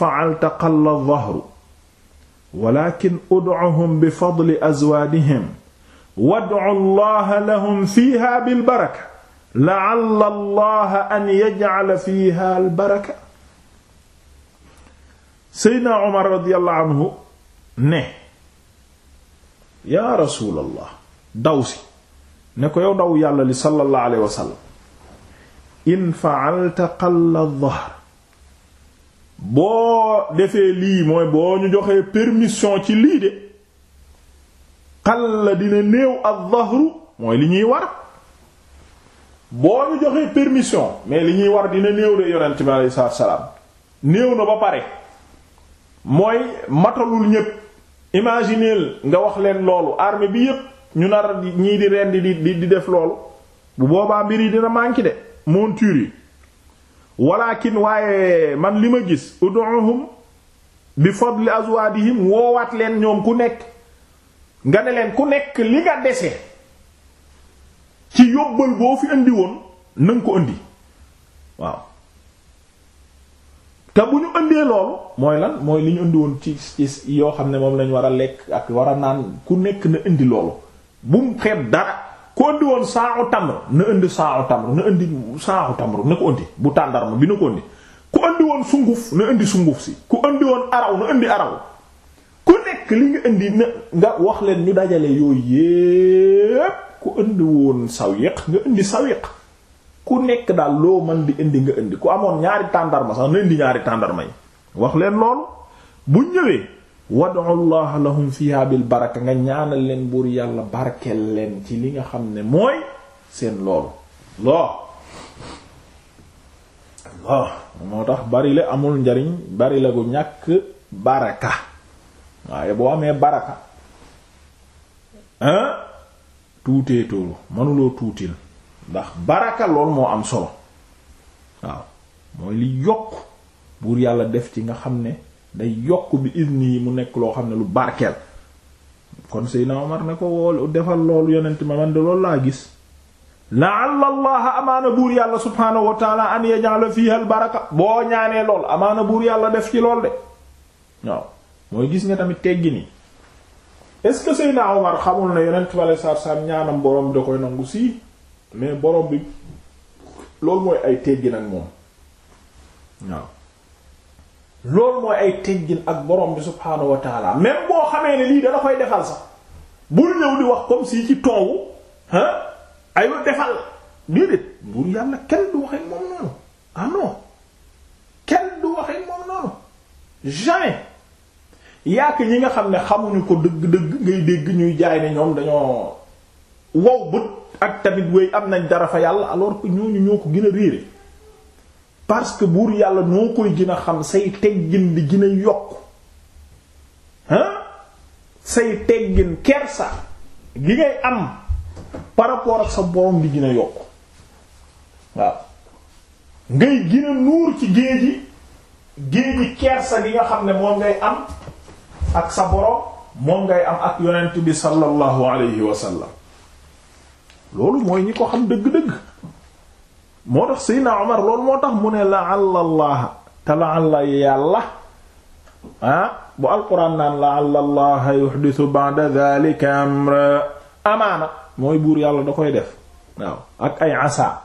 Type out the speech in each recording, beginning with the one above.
fa'alta qalla adh-dhahru walakin ud'uhum bi fadli azwaajihim wad'u allaha lahum fiiha bil baraka la'alla allaha an yaj'ala fiiha al baraka seydna Umar radiyallahu anhu ne yaa rasuulallah daw si ne ko yow daw yàlla li sallallahu alayhi wa sallam in fa'alta qalla adh-dhahr boo defee lii mooy boo ñu joxee permission ci lii de xal la dina néew az-zahru mooy li ñuy war boo ñu joxee permission mais li ñuy war dina néew de yonent bi aleyhi salaatu salaam néew na ba pare mooy matalul ñépp imagineel nga wax leen loolu armée bi yëpp ñu nar ñii di rendi di di def loolu bu boobaa mbir yi dina manqué de monture yi walakin waaye man li ma gis ud'uhum bi fadli azwaadihim woowaat leen ñoom ku nekk nga ne leen ku nekk li nga dese ci yóbbal boo fi indi woon nanga ko indi waaw te bu ñu indee loolu mooy lan mooy li ñu indi woon ci ci yoo xam ne moom lañ war a lekk ak war a naan ku nekk na indi loolu bu mu xeeb dara ku andi woon saaxu tamr na indi saaxu tamr na indi saaxu tamr na ko indi bu tàndarma bi na ko indi ku andi woon sunguf na indi sunguf si ku andi woon araw na indi araw ku nekk li nga indi na nga wax leen ñu dajale yooyu yépp ku indi woon sawiq nga indi sawiq ku nekk daal loo mën di indi nga indi ku amoon ñaari tàndarma sax na indi ñaari tàndarma yi wax bu ñëwee wad'u allah lahum fiha baraka nga ñaanal leen buur yàlla barkeel leen ci li nga xam ne mooy seen loolu loo loo moo tax bari amul njariñ bari la gu ñàkk baraka waaye boo amee baraka hein tuutee toolu mënuloo tuutil ndax baraka lool moo am solo waaw mooy li yokk buur yàlla def ci nga xam ne day yokk bi idni yi mu nekk loo xam ne lu barkeel kon Seydina Omar ne ko wool defal loolu yonent ma man de loolu laa gis la'alla allaha amaana buur yàlla subhaanahu wa taala an yaj'ala fiha al baraka boo ñaanee loolu amaana buur yàlla def ci lool de waaw mooy gis nga tamit teggi nii est-ce que Seydina Omar xamul ne yonent bi alayhi salaatu salaam ñaanam borom bi da koy nangu sii mais borom bi loolu mooy ay teggi nag moom waaw loolu mooy ay teggin ak borom bi subhaanahu wa taala boo xamee ne lii dala koy defal sax bul ñëw di wax comme si ci toowu ah aywa defal déedéet buur yàlla kenn du waxee moom noonu ah non ñi nga xam ne xamuñu ko dëgg-dëgg ngay dégg ñuy jaay ne ñoom dañoo wow bët ak tamit wéy am nañ dara fa yàlla alors que ñooñu ñoo ko gën a réere parce que buur yàlla noo koy gën a xam say teggin di gina yokk hein say teggin kersa gi ngay am par rapport ak sa borom bi gën a yokk waaw ngay gën a nuur ci géeji géeji kersa gi nga xam ne moom ngay am ak sa borom moom ngay am ak yonent bi sallallahu alayhi wa loolu mooy ñi ko xam dëgg-dëgg moo tax Seydina Omar loolu moo tax mu ne la'alla Allaha te la'alla yàlla ah bu alquran naan la'alla Allaha yuhdithu ba'da yàlla da koy def waaw ak ay asa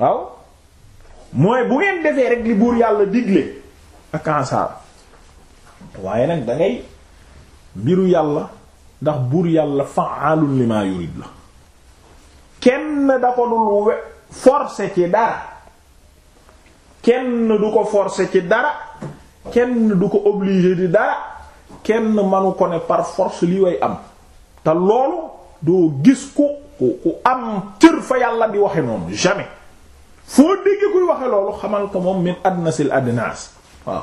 waaw mooy bu ngeen defee rek li buur yàlla digle ak asa waaye nag da mbiru yàlla ndax buur yàlla fa'aalun lima yurid la kenn da ko dul forcer ci dara kenn du ko forcer ci dara kenn du ko obligé di dara kenn manu ko ne par force li way am te loolu doo gis ku ku am cër fa yàlla di waxe noonu jamais foo dégg kuy waxe loolu xamal ko moom min adnasil adnas waaw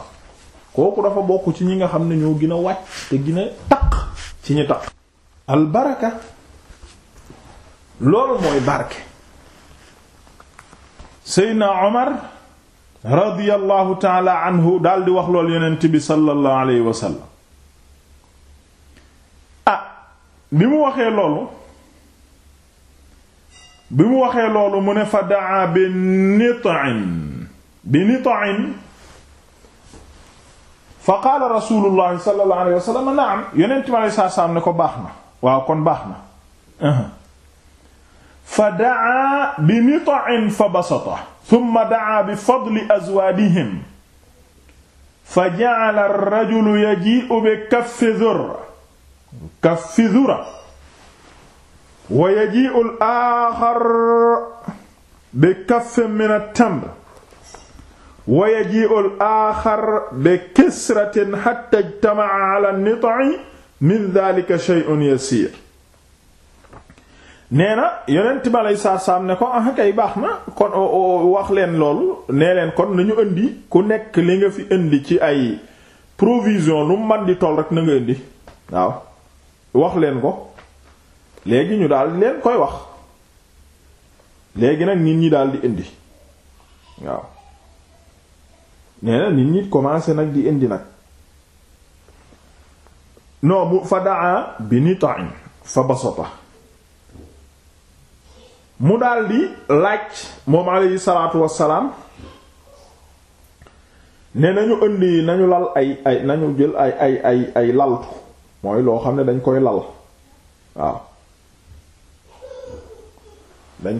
kooku dafa bokk ci ñi nga xam ne ñoo gën a wàcc te gën taq ci ñi taq albaraka loolu mooy barke seydna omar radiyallahu taala anhu daldi wax lool yonent bi sallallahu alayhi wa sallam ah bi mu waxee loolu bi mu waxee loolu mu ne fa daa bi nitain bi nitain fa qaala rasulullahi sallallahu alayhi wa sallam bi alayhi salaam ne ko baax na waaw kon baax na uh-huh. fa daa bi nitain fa basata thumma daa bi fadli azwaadihim fa ja'ala ar-rajulu yaji'u bi kaffi dhurra kaffi dhurra wa yaji'u al-aakhar bi kaffin min at-tamr wa yaji'u al-aakhar bi kisratin hatta ijtama'a 'ala an-nit'i min dhalika shay'un yasiir nee na yonent bi aleyhi salaatu salaam ne ko ah kay baax na kon wax leen loolu nee leen kon nañu indi ku nekk li nga fi indi ci ay provision lu man di toll rek na nga indi waaw wax leen ko léegi ñu daal leen koy wax léegi nag nit ñi daal di indi waaw nee na nit ñi commencé nag di indi nag non mu fa daa bi ni ta'in fa basata mu daldi laaj moom alayhi salaatu wassalaam ne nañu indi nañu lal ay ay nañu jël ay ay ay ay laltu mooy loo xam ne dañ koy lal waaw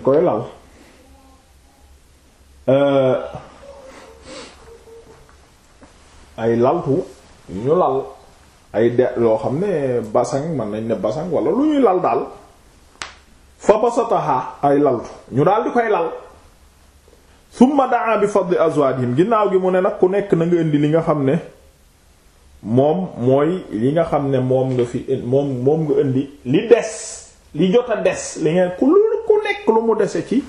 koy lal ay laltu yu ñu lal ay de loo xam ne basang man nañ ne basang wala lu ñuy lal daal fa basataha ay laltu ñu daal di koy lal summa daa bi fadli azwaajihim ginnaaw gi mu ne nag ku nekk na nga indi li nga xam ne moom mooy yi nga xam ne moom nga fi moom nga indi li des li jot a des li ngeen ku lu ku nekk lu mu dese ci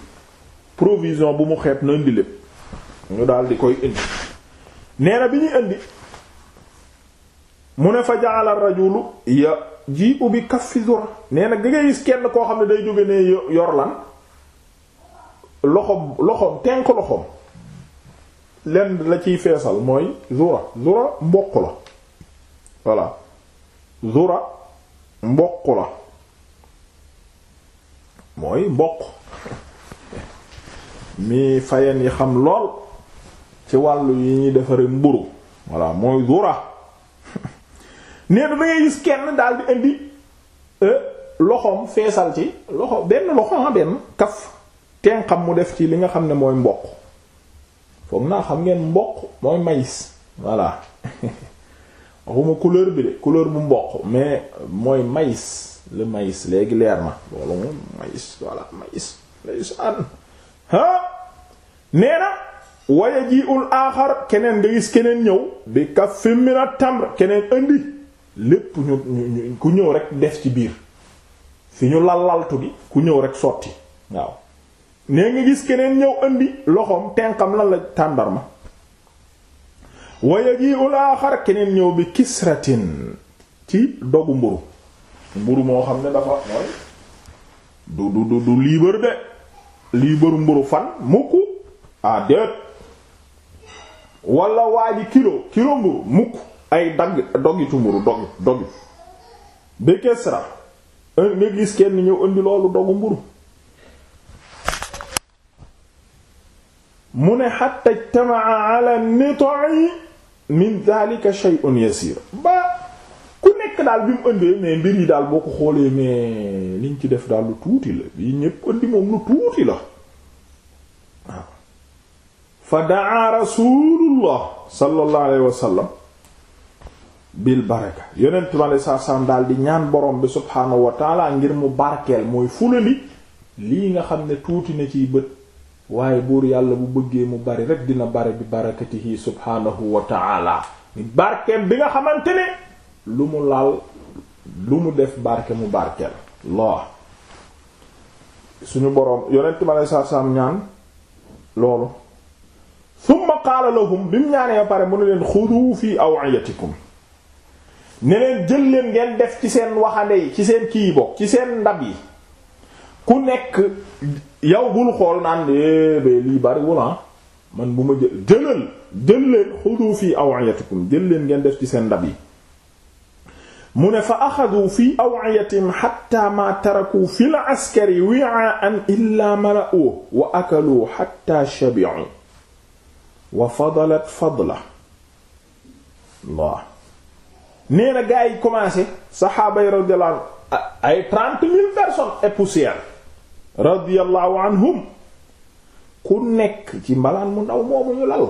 provision bu mu xeet na indi lépp ñu daal di koy indi nee bi ñu indi mu ne fa ja'ala rajulu ya ji ubbi kaffi zura nee na da ngay gis kenn koo xam ne day jóge ne yor lan loxom loxom tenk loxom lenn la ciy feesal mooy zura zura mboq la voilà zura mboq la mooy mboq mi fayeen yi xam lool ci wàllu yi ñuy defare mburu voilà mooy zura ne na ngay gis kenn daal bi indi euh, loxoom feesal ci loxo benn loxo ah benn kaf tenxam mu def ci li nga xam ne mooy mboq foog naa xam ngeen mboq mooy maïs voilà waxuma couleur bi de couleur bu mboq mais mooy maïs le maïs léegi leer na loolu moom maïs voilà maïs maïs an ah nee na waya ji ul aaxar keneen nga gis keneen ñëw bi kaf fi mina tamr keneen indi lépp ñu ñu ku ñëw rek def ci biir fi ñu lallaltu gi ku ñëw rek sotti waaw nee nga gis keneen ñëw indi loxoom tenqam lan la tàndarma waya ji ulaaxar keneen ñëw bi kisratin ci dogu mburu mburu moo xam ne dafa mooy du du du du de liibaru mburu fan mukk a ah, déet wala waa ji kilo kilo mburu mukk ay dagg dogitu mburu dogi dogi bi Kisra euh, nga gis kenn ñëw indi loolu dogu mburu mu ne hatta ijtamaa ala nit'i min dhalika shay'un yasir ba ku nekk daal bi mu indee mais mbir yi daal boo ko xoolee mais liñ ci def daal lu tuuti la yi ñépp indi moom lu tuuti la waaw fa daa rasulullah sallallahu alayhi bil baraka yonent bi alei saatu daal di ñaan borom bi subhaanahu wa taala ngir mu barkeel mooy fulali lii nga xam ne tuuti na ciy bët waaye buur yàlla bu bëggee mu bari rek dina bari bi barakatihi subhaanahu wa taala barkeel bi nga xamante ne lu mu laal lu mu def barke mu barkeel la suñu boroom yonent bi alei saatu ñaan loolu summa qaala lahum bi mu ñaanee ba pare mu ne leen xudu fi aw'iyatikum ne leen jël leen ngeen def ci seen waxande yi ci seen kii bokk ci seen ndab yi ku nekk yow bul xool naan be eh, lii bariwul ah man bu ma jël jëlal jël leen xudu fii awiyatikum jël leen ngeen def ci seen ndab yi mu ne fa axadu fii awiyatihim xatta maa taraku fi l askari wi'aan illa mala'u wa akalu xatta shabi'u wa fadalat fadla nee na gaa yi commencé saxaaba yi radiyallahu ay trente mille personnes et poussière radiyallahu anhum ku nekk ci mbalaan mu ndaw moomu ñu lal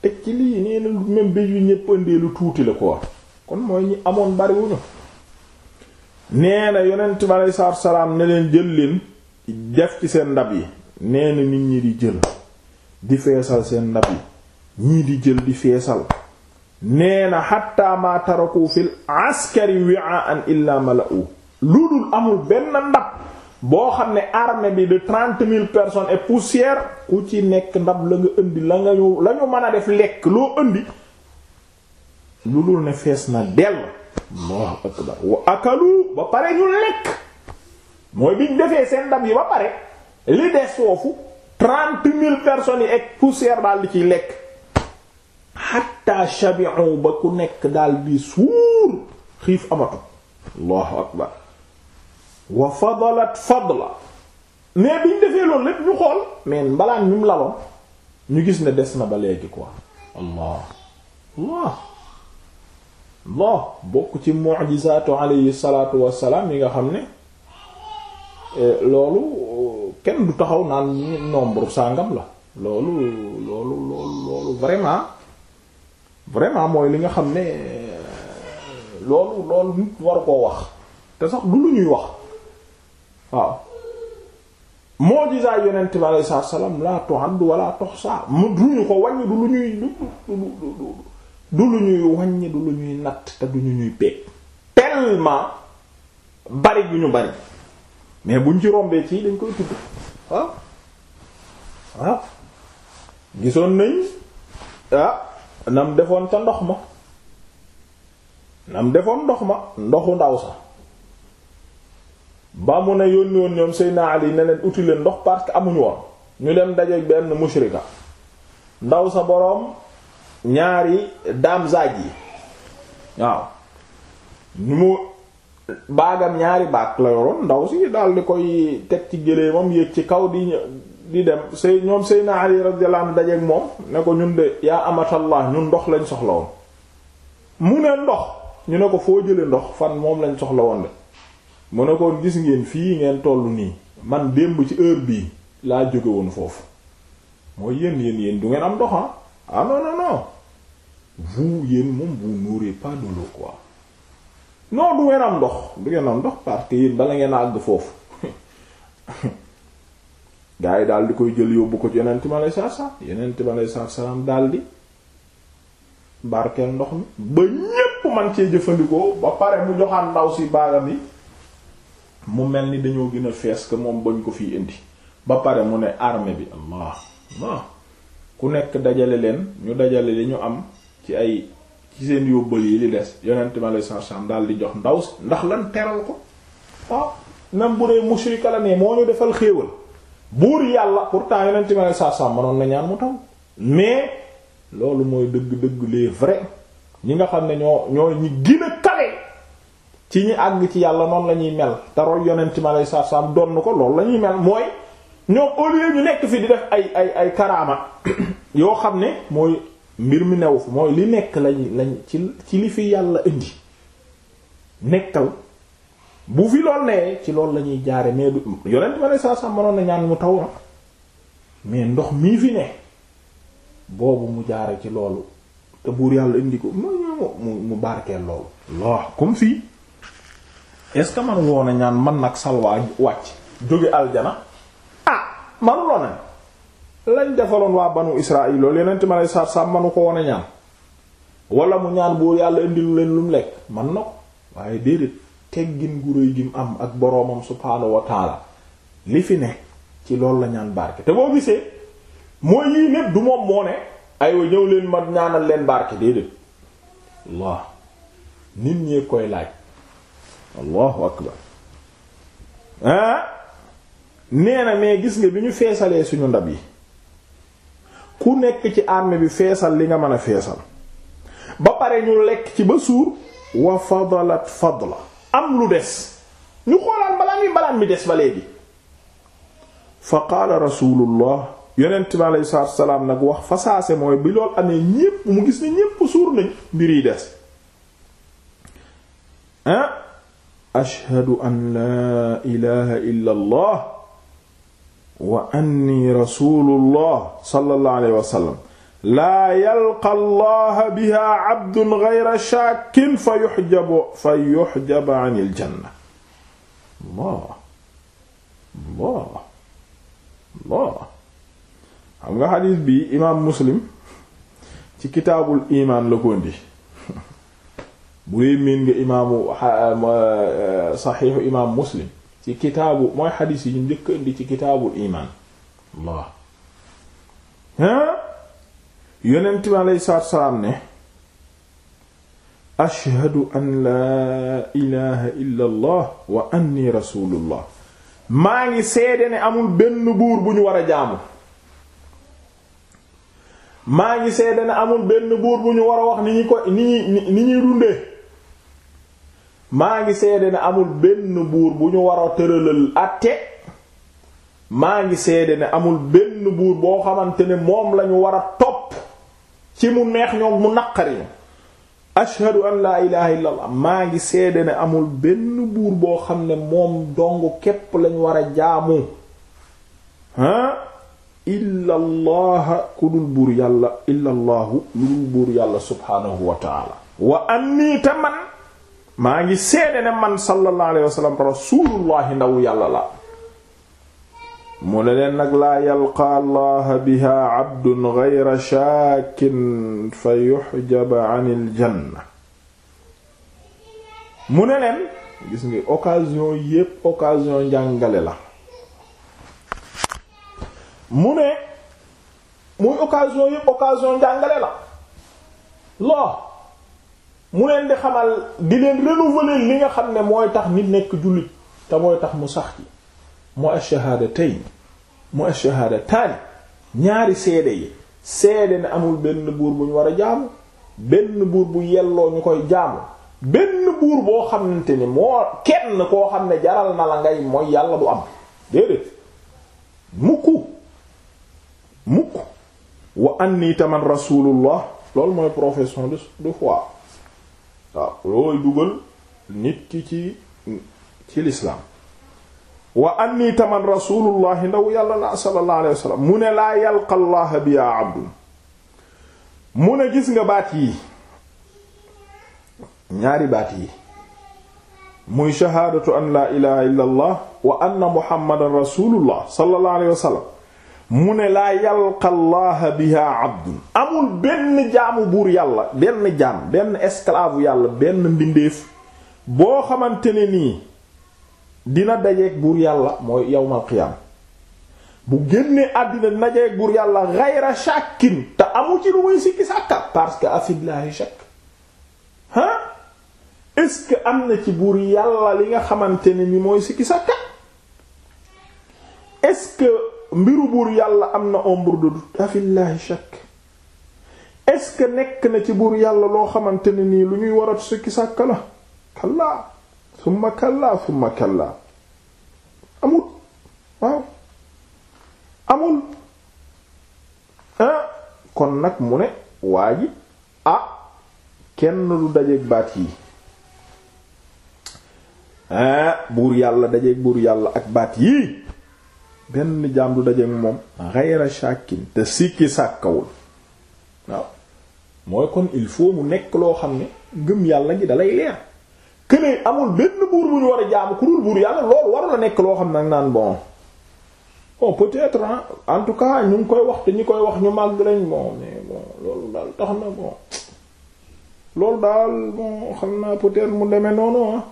teg ci lii nee na même yu ñépp lu tuuti la ko kon mooy ñi amoon bariwuñu nee na yonent salaam ne leen jël leen def ci seen ndab yi nee nit ñi di jël di feesal seen ndab yi ñii di jël di feesal nee na xatta ma taraku fil askari wi'aan illa mala'u lu dul amul benn ndab boo xam ne armée bi de trente mille personnes et poussière ku ci nekk ndab la nga indi la nga ñu la ñu mën a def lekk loo indi lu dul ne fees na dell Allahu akbar wa akalu ba pare ñu lekk mooy biñ defee seen ndab yi ba pare li des foofu trente mille personnes yi ak poussière daal di ciy lekk xatta shabi'u ba ku nekk daal bi suur xiif amatu allahu akbar wa fadalat fadla mais biñ defee loolu lépp xool mais mbalaan ñu mu laloon ñu gis ne des na ba léegi quoi allah allah allah bokk ci mu'jizatu alayhi salatu wassalaam yi nga xam ne eh, loolu kenn du taxaw naan nombre sàngam la loolu loolu loolu loolu vraiment vraiment mooy li nga xam ne loolu loolu nit waru koo wax te sax du lu ñuy wax waaw mujiza yonent bi alayhi salaatu salaam la tuhad wala tuhsa mu duñu ko wàññi ñu ñuy buñ ci rombee ci dañ waaw gisoon nañ ah nam defoon ca ndox ma nam defoon ndox ma ndoxu ndaw sa ba mu ne yónni woon ñoom Seydina Ali ne uti leen ndox parce que amuñu woon ñu dem daje benn mushrika ndaw sa boroom ñaari daam zaaj yi waaw ñu mu baagam ñaari baag la yoroon ndaw si daal di koy teg ci géléemam yéeg ci kaw di di dem say ñoom Seydina Ali radiyallahu anhu dajeeg moom ne ko ñun de yaa amatallah ñun ndox lañ soxla woon mu ne ndox ñu ne ko foo jële ndox fan moom lañ soxla woon de mu ne ko gis ngeen fii ngeen tollu nii man démb ci heure bii laa jóge woon foofu mooy yéen yéen yéen du ngeen am ndox ah ah non non non vous yéen moom vous n'aurez pas de l'eau quoi non du ngeen am ndox du ngeen am ndox parce que bala ngeen a àgg foofu gaa yi daal di koy jël yóbbu ko ci yonent mi aleyhi salaatu salaam yonent mi aleyhi salaatu salaam daal di barkeel ndox mi ba ñépp man cee jëfandikoo ba pare mu joxaat ndaw si baagam yi mu mel ni dañoo gën a fees que moom bañ ko fiy indi ba pare mu ne armée bi allah allah ku nekk dajale leen ñu dajale li ñu am ci ay ci seen yóbbal yi li des yonent mi aleyhi salaatu salaam daal di jox ndaw si ndax lan teral ko waaw ah, nam bu dee mushrika la ne moo ñu defal xéewal buur yàlla pourtant yonent ma ne saa manoon na ñaan mu taw mais loolu mooy dëgg-dëgg les vrai ñi nga xam ne ñoo ñoo ñi gën a kale ci ñi àgg ci yàlla noonu la ñuy mel te roy yonent ma lay sarsam doon ko loolu la ñuy mel mooy ñoo au lieu ñu nekk fii di def ay ay ay karaama yoo xam ne mooy mbir mi new fi mooy li nekk lañ lañ ci ci li fi yàlla indi nekkal bu fi lool nee ci loolu la ñuy jaare mais du yonent ma ne saa saa mënoon na mu taw mais ndox mii fi boobu mu jaare ci loolu te buur yàlla indi ko mu mu mu barkeel loolu Allah comme fii est-ce que woon a ñaan man nag salwaa wàcc jóge aljana ah manu loo ne lañ defaloon waa banu Israël loolu yonent ma ne saa saa manu ko woon ñaan wala mu ñaan buur yàlla indil leen lekk man na ko waaye déedéet teggin gu rëy gi mu am ak boroomam subhaanahu wa li fi ne ci loolu la ñaan barke te boo gisee mooy yii lépp du moom moo ne aywa ñëw leen ma ñaanal leen barke déedéet allah nit ñee koy laaj allahu akbar nee na mais gis nga bi ñu feesalee suñu ndab yi ku nekk ci armée bi feesal li nga mën a feesal ba pare ñu lekk ci ba suur wa fadalat fadla am lu des ñu xoolaan balaan mi balaan mi des ba léegi fa qaala rasulullah yonent mi aleyhi salaatu salaam nag wax fasaase mooy bi lool amee ñépp mu gis ne ñépp suur nañ mbir yi des ah ashhadu an laa ilaha illa allah wa anni rasulullah sallallahu alayhi wa sallam laa yalqa allaha biha abdun ghayra shaakin fa yuxjabu fa yuxjabu an iljanna allah allah allah xam nga xadiis bi imaam muslim ci kitaabul imaan la ko indi bu dee miin nga imaamu saxiixu imaam muslim ci kitaabu mooy xadiis yi ñu njëkk indi ci kitaabul imaan allah yonent bi aleyhi salaatu salaam ne ashhadu an laa ilaha illa allah wa anni rasulullah maa ngi seede ne amul benn buur bu ñu war a jaamu maa ngi seede ne amul benn buur bu ñu war a wax ni ñu ko ni ñuy ni ñuy dundee maa ngi seede ne amul benn buur bu ñu war a tëralal àtte maa ngi seede ne amul benn buur boo xamante ne moom lañu war a ci mu neex ñoom mu naqariñu ashhadu an laa ilaha illa maa ngi seede ne amul benn buur boo xam ne moom dong képp lañ war a jaamu ah ku dul buur yàlla illa lu dul buur yàlla subhaanahu wa taala wa annii ta man maa ngi seede ne man sallallahu alayhi wa sallam rasulullahi ndaw yàlla la mu ne leen nag laa yalqaa allaha biha abdun geyra shaakin fa yuxjaba an iljanna mu ne leen gis nga occasion yépp occasion njàngale la mu ne muy occasion yépp occasion njàngale la loo mu leen di xamal di leen renouveler li nga xam ne mooy tax nit nekk jullit te mooy tax mu sax ci mu ash tey mu ash-shahaadataani ñaari seede yi seede ne amul benn buur bu ñu war a jaamu benn buur bu yelloo ñu koy jaamu benn buur boo xamante ni moo kenn koo xam ne jaral na la ngay mooy yàlla du am déedéet mukku mukk wa anni taman rasulullah loolu mooy profession de de foi waaw looy dugal nit ki ci ci l'islam wa anni taman rasulullahi ndaw yàlla la sallallahu alayhi mu ne laa yalqa allah bi yaa mu ne gis nga baat yi ñaari baat yi muy shahaadatu an laa ilaha illa wa anna muhammadan rasulullah sallallahu alayhi mu ne laa yalqa allah biha abdun amul benn jaamu buur yàlla benn jaam benn esclave yàlla benn mbindeef boo xamante ne nii dina dajeeg buur yàlla mooy yawmal qiyaam bu génnee àddina dina dajeeg buur yàlla ghayra shakkin te amu ci lu muy sikki sàkka parce que afillahi shakk ah est-ce que am na ci buur yàlla li nga xamante ne ni mooy sikki sàkka est-ce que mbiru buur yàlla am na ombre de doute afillahi shakk est-ce que nekk na ci buur yàlla loo xamante ne nii lu ñuy waratu sikki sàkka la kallaa summa kallaa summa kallaa amul waaw amul ah kon nag mu ne waa ji ah kenn du dajeeg baat yi ah, buur yàlla dajeeg buur yàlla ak baat yii benn jaam du dajeeg moom xayra shakkin te sikki sàkkawul waaw mooy kon il faut mu nekk loo xam ne ngëm yàlla gi dalay leer kënee amul benn buur bu ñu war a jaamu ku nekk loo xam nag naan bon bon peut en tout cas ñu ngi koy wax te ñu koy wax ñu màgg lañ bon na bon loolu xam naa peut mu demee noonu ah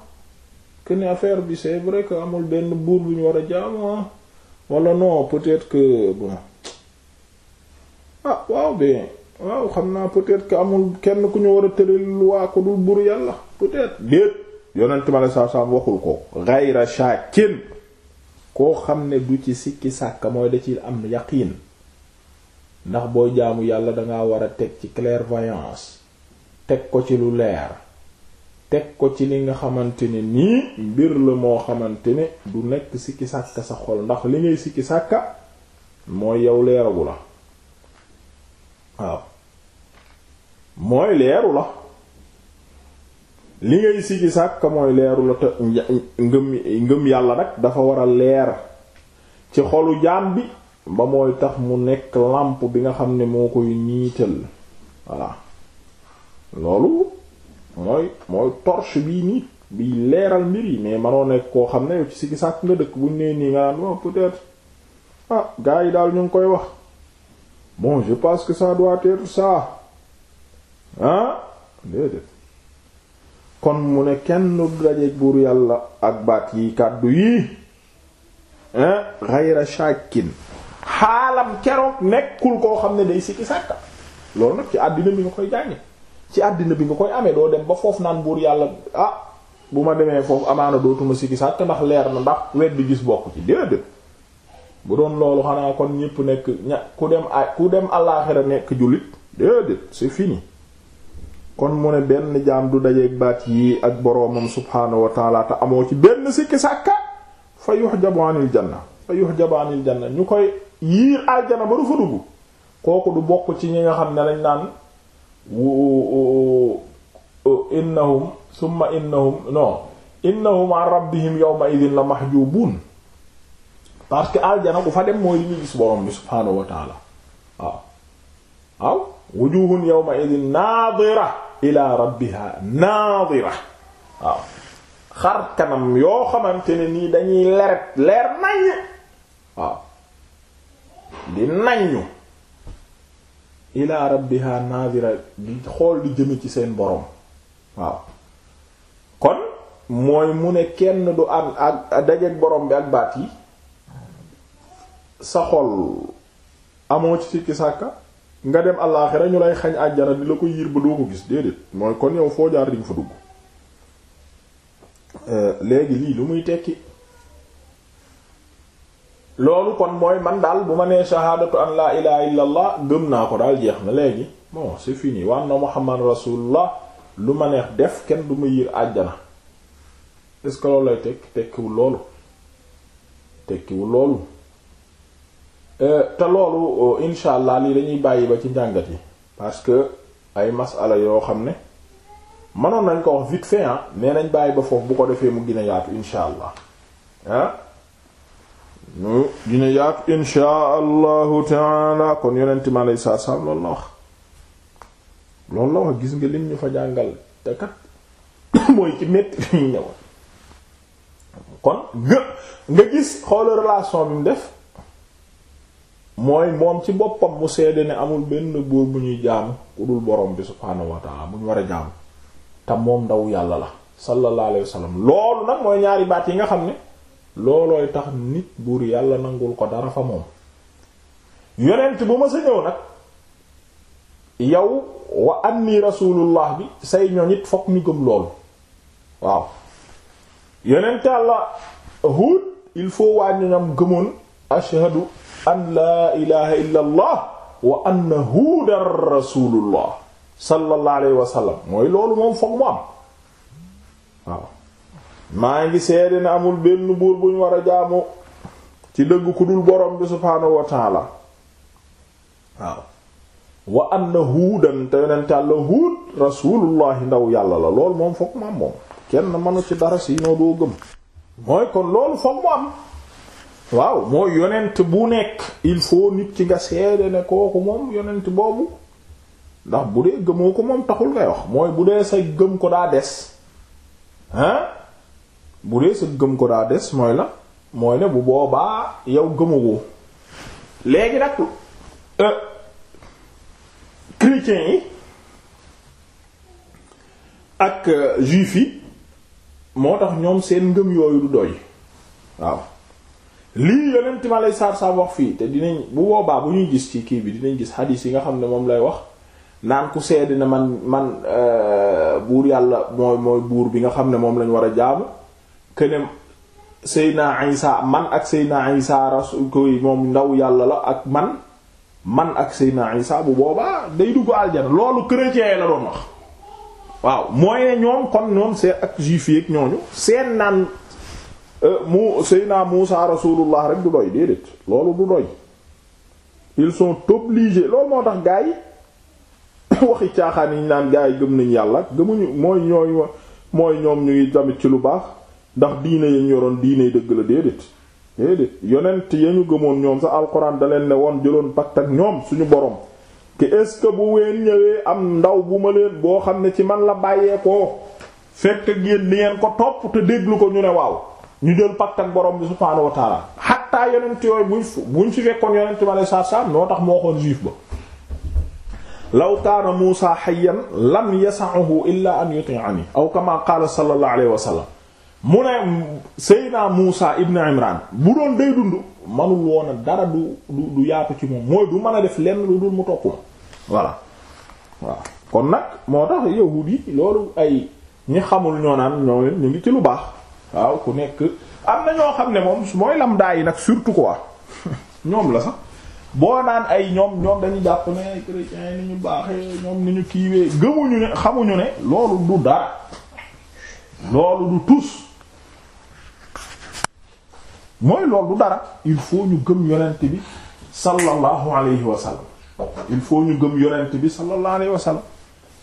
que ne bi c'est amul benn buur bu ñu war a jaamu ah wala non peut bon ah waaw bien waaw xam naa peut-être que amul kenn ku ñu war a tëral waa ko dul buur yàlla peut déet. yonent mi aleyhi salaatu salaam waxul ko ghayra shaakin koo xam ne du ci sikki sàkka mooy da ci am yaqiin ndax boo jaamu yàlla danga war a teg ci clairvoyance teg ko ci lu leer teg ko ci li nga xamante ne nii mbir la moo xamante ne du nekk sikki sàkka sa xol ndax li ngay sikki sàkka mooy yow leeragu la waaw mooy leeru la li ngay sigi sàkk mooy leeru la te ngëm ngëm yàlla nag dafa war a leer ci xolu jaam bi ba mooy tax mu nekk làmp bi nga xam ne moo koy niital voilà loolu mooy mooy torche bii nii bi leeral mbir yi mais manoo nekk koo xam ne yow ci sigi nga dëkk buñ nee nii nga naan peut-être ah gars yi daal ñu ngi koy wax bon je pense que ça doit être kon mu ne kenn du dajeek buur yàlla ak baat yi kàddu yii xayra shakin xaalam keroog nekkul koo xam ne day sikki loolu nag ci àddina bi nga koy jànge ci àddina bi nga koy amee doo dem ba foofu naan buur yàlla ah bu ma demee foofu amaana dootuma sikki sàkka ndax leer na ndax wet bi gis bokk ci déedéet bu doon loolu xanaa kon ñépp nekk ña ku dem ay ku dem àllaaxira nekk jullit déedéet c'est fini kon mu ne benn jaam du dajeeg baat yii ak boroomam subhaanahu wa taala te amoo ci benn sikki sàkka fa yuhjabu anil janna fa yuhjabu anil janna ñu koy yiir aljana ba du fa dugg kooku du bokk ci ñi nga xam ne lañ naan innahum summa innahum non innahum an rabbihim yawma idin la mahjubun parce que aljana ku fa dem mooy li ñu gis bi subhaanahu wa waaw waaw wujuhun yawma idin nadira ila rabbiha naadira waaw xar yoo xamante ne nii dañuy leret leer naññ waaw di naññu ila rabbiha naadira di xool di jëme ci seen borom waaw kon mooy mu ne kenn du am ak dajeek borom bi ak baat yi sa xol amoo ci sikki sàkka nga dem àllaaxira ñu lay xañ àjjana di la ko yiir ba doo ko gis déedéet mooy kon yow foo jaar di nga fa dugg euh, léegi lii lu muy tekki loolu kon mooy man daal bu ma nee shahaadatu an laa ilaha illa allah gëm naa ko daal jeex na léegi bon c'est fini wa anna muhammad rasulullah lu ma neex def kenn du ma yiir àjjana est-ce que loolu lay tekki tekkiwul loolu tekkiwul loolu Euh, te loolu euh, insha allah lii dañuy bàyyi ba ci njàngat yi parce que ay masala yoo xam ne mënoon nañ ko wax vite fait nee nañ bàyyi ba foofu bu ko defee mu gën a yaatu insha allah ah ñu gën a yaatu insha allahu taala kon yonent mi aleyhi salaatu salaam loolu la wax loolu la wax gis nga lim ñu fa jàngal te kat mooy ci métti li ñu kon nga gis xoolal relation bi mu def mooy moom ci boppam mu seede ne amul benn buur bu ñuy jaamu ku dul borom bi subhaanahu wa bu ñu war a jaamu te moom ndaw yàlla la sallallahu alayhi wa sallam loolu nag mooy ñaari baat yi nga xam ne loolooy tax nit buur yàlla nangul ko dara fa moom yonent bu ma sa ñëw nag yow wa anni rasulullah bi say ñoñit fokk ñu gëm loolu waaw yonent yàlla Huud il faut waa ñoñam gëmoon ashhadu an laa ilaha illa allah wa anna huudar rasulullah sallallahu alayhi wa mooy loolu moom foog mu am maa ngi seede ne amul benn buur buñ war a jaamu ci dëgg ku dul borom bi subhaanahu wa waaw wa anna huudan te yonent Yàlla huud rasulullahi ndaw yàlla la loolu moom foog mu am moom kenn mënu ci dara si noo doo gëm mooy kon loolu foog mu am waaw mooy yonent bu nekk il faut nit ki nga seede ne kooku moom yonent boobu ndax bu dee gëmoo ko moom taxul ngay wax mooy bu dee sa gëm ko daa des hein bu dee sa gëm ko daa des mooy la mooy ne bu boobaa yow gëmagoo léegi nag euh, chrétiens yi ak euh, juifs yi moo tax ñoom seen ngëm yooyu du doy waaw lii yonent ma lay saar saar wax fii te dinañ bu boobaa bu ñuy gis ci kii bi dinañ gis hadith yi nga xam ne moom lay wax naan ku seede ne man man euh, buur yàlla mooy buur bi nga xam ne moom lañ war a jaamu këne Seydina Isa man ak Seydina Isa rasul koy moom ndaw yàlla la ak man man ak Seydina Isa bu boobaa day dugg aljana loolu chrétien la doon wax waaw mooy ne ñoom kon ñoom c'est ak juif yi ak ñooñu seen naan Euh, mu Seyna Muusa rasulullah rek du doy déedéet loolu du doy ils sont obligés loolu moo tax gaa waxi caaxaan yi naan gaa yi gëm nañ yàlla gëmuñu mooy ñooy mooy ñoom ñuy ngi ci lu baax ndax diine ñu yoroon diine dëgg la déedéet déedéet yonent ya ñu gëmoon ñoom sax alxuraan da leen ne woon jëloon pacte ak ñoom suñu borom que est-ce que bu ween ñëwee am ndaw bu ma leen boo xam ne ci man la bàyyee ko fekk ngeen di ngeen ko topp te déglu ko ñu ne waaw ñu jël pacte ak borom bi subhaanahu wa taala xatta yonent yooyu buñ fi fekkoon yonent bi alayhi salaatu salaam noo tax moo xoon juif ba law kaana Muusaa hayyan lam yasa'uhu illa an yuti'ani aw kama qaala sallallahu alayhi mu ne Seydina Muusaa ibn Imraan bu doon day dund manul woon a dara du du yaatu ci moom mooy du mën a def lenn lu dul mu topp ma voilà waaw kon nag moo tax yahuud yi loolu ay ñi xamul ñoo naan ñoo ñu ngi ci lu baax waaw ku nekk am na ñoo xam ne moom mooy lamda yi nag surtout quoi ñoom la sax boo naan ay ñoom ñoom dañu jàpp ne ay chrétiens ni ñu baaxee ñoom ni ñu kiiwee gëmuñu ne xamuñu ne loolu du dara loolu du tus mooy loolu du dara il faut ñu gëm yonent bi sallallahu alayhi wa sallam il faut ñu gëm yonent bi sallallahu alayhi wa sallam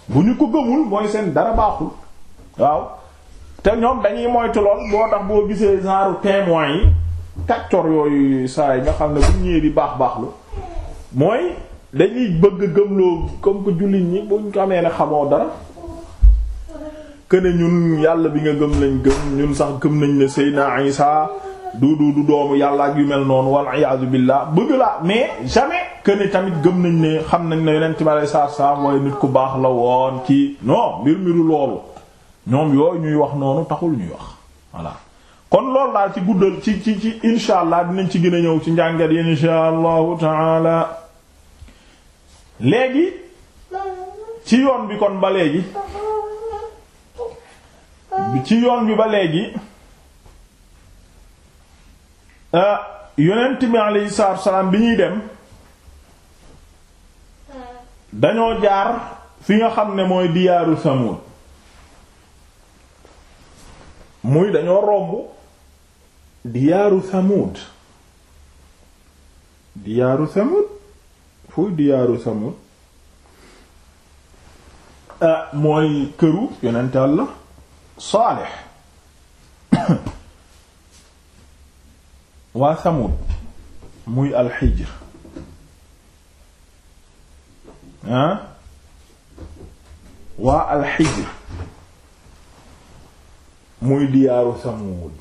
bu ñu ko gëmul mooy seen dara baaxul waaw te ñoom dañuy moytu lool boo tax boo gisee genre témoins yi kaccor yooyu saa yi nga xam ne bu ñëwee di baax baaxlu mooy dañuy bëgg gëmloo comme que jullit ñi buñ ko amee ne xamoo dara que ne ñun yàlla bi nga gëm nañ gëm ñun sax gëm nañ ne Seyna Isa du du du doomu yàlla ak yu mel noonu wal iyaazu billah bëgg laa mais jamais que ne tamit gëm nañ ne xam nañ ne yonent bi alayhi salaam mooy nit ku baax la woon kii non mbir mi du loolu. ñoom yooyu ñuy wax noonu taxul ñuy wax voilà kon loolu daal ci guddal ci ci ci insha allah dinañ ci gën a ñëw ci njàngat yi insha allahu taala léegi ci yoon bi kon ba léegi ci yoon bi ba léegi euh, yonent bi alayhi salaatu bi ñuy dem dañoo jaar fi nga xam ne mooy diyaaru Samud muy dañoo romb diyaaru Thamud diyaaru Thamud fuy diyaaru Thamud ah mooy këru yonent Yàlla Saalix waa Thamud muy alxijr ah waa alxijr muy diyaaru Samuud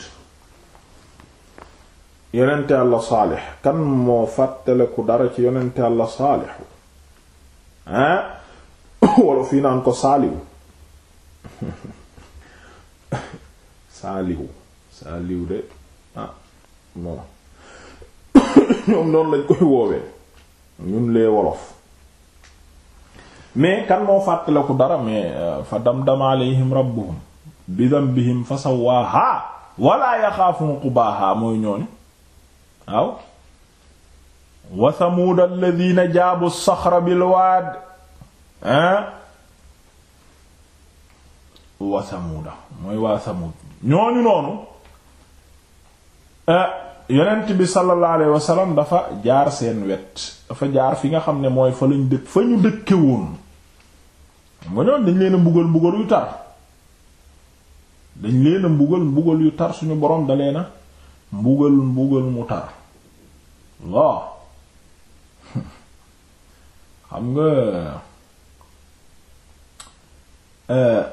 yonente Yàlla Saalix kan moo fàttaleku dara ci yonente Yàlla Saalixu ah wala fii naan ko saaliwu saaliwu saaliwu de ah bon ñoom noonu lañ koy woowee ñun lee wolof mais kan moo fàttaleku dara mais euh, fa dam dam alayhim rabbuhum bi dambihim fa sawaaha wala yaxaafu uqbaaha mooy ñooñu waaw wa thamuud alladina jaabu saxra bilwaad ah. wa thamuuda mooy waa thamuud ñooñu noonu ah, yonent bi sallallahu alayhi dafa jaar seen wet dafa jaar fi nga xam ne mooy fa lañ dëkk fa ñu dëkke woon ma ñoon dañ leen a mbugal mbugal yu dañ leen mbugal mbugal yu tar suñu boroom da na mbugal mbugal mu tar waaw xam nga eh,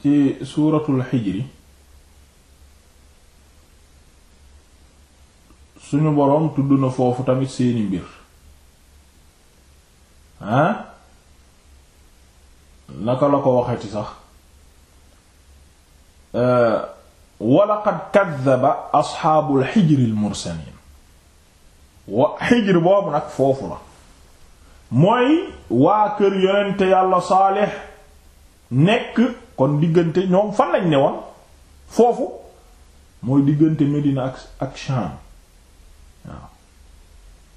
ci suuratul xijri suñu boroom tudd na foofu tamit seeni mbir ah naka la ko waxeti sax euh, walaqad kaddaba asxaabul xijril mursaliin wa xijr boobu nag foofu la mooy waa kër yonente yàlla saalix nekk kon diggante ñoom fan lañ ne woon foofu mooy diggante Medina ak ak waaw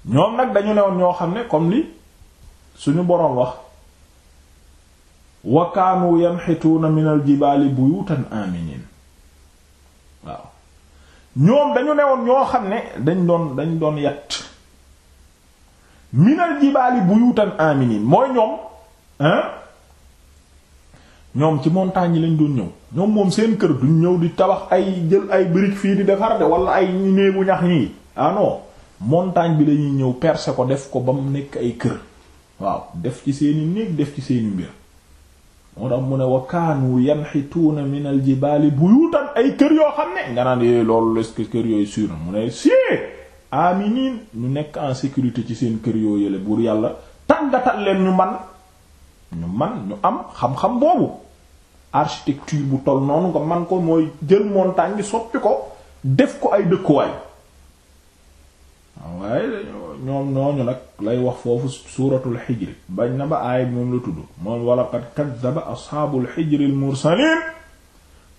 ñoom nag dañu ne woon ñoo xam ne comme li suñu boroom wax wa kaanu yanxituuna min aljibaali buyutan aminin waaw ñoom dañu newoon ñoo xam ne dañ doon dañ doon yat min aljibaali buyutan aminin mooy ñoom hein ñoom ci montagne yi lañ doon ñëw ñoom moom seen kër duñ ñëw di tabax ay jël ay brique fii di defar de wala ay néegu ñax ñii ah non montagne bi lañuy ñëw percer ko def ko ba mu nekk ay kër waaw def ci seeni néeg def ci seeni mbir moo tax mu ne wa kaanu yanxituuna na al jibaali buyutan ay kër yoo xam ne nga naan yooyu loolu est-ce kër yooyu sûr mu ne si aminin ñu nekk en sécurité ci seen kër yoo yële buur yàlla tàggatal leen ñu man ñu man ñu am xam-xam boobu architecture bu toll noonu nga man ko mooy jël montagne bi soppi ko def ko ay dëkkuwaay waaye dañoo ñoom ñooñu nag lay wax foofu suuratul xijri bañ na ba aay moom la tudd moom wala qad kaddaba asxaabul xijri al mursaliin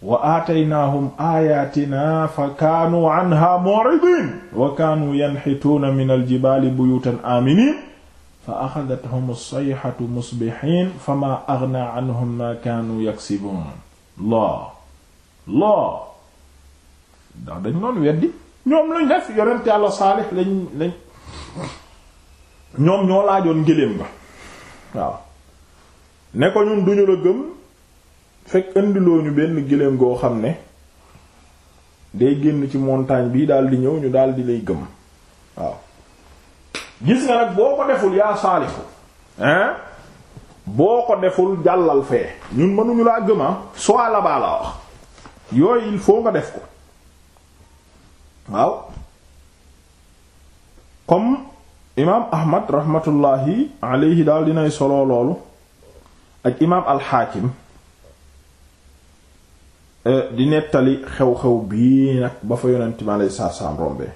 wa aataynaahum aayaatinaa fa kaanuu anhaa mu'ridiin wa kaanuu yanxituuna min aljibaali buyuutan aaminiin fa axadathum as-sayxatu musbixiin famaa aghnaa anhum maa kaanuu yaksibuun laa laa ndax dañ doon weddi ñoom luñ def yonent yàlla saalix lañ lañ ñoom ñoo laajoon gëléem nga waaw ne ko ñun duñu la gëm fekk indiloo ñu benn gëléem goo xam ne day génn ci montagne bi daal di ñëw ñu daal di lay gëm waaw gis nga nag boo ko deful yaa saaliku hein boo ko deful jàllal fee ñun mënuñu laa gëma ah. soo la baa la wax yooyu il nga def ko waaw comme imaam ahmad rahmatullahi alayhi daal dinay solo loolu ak imaam alxaakim e, di nettali xew-xew bii nag ba fa yonent mi alayhi salaatu salaam rombee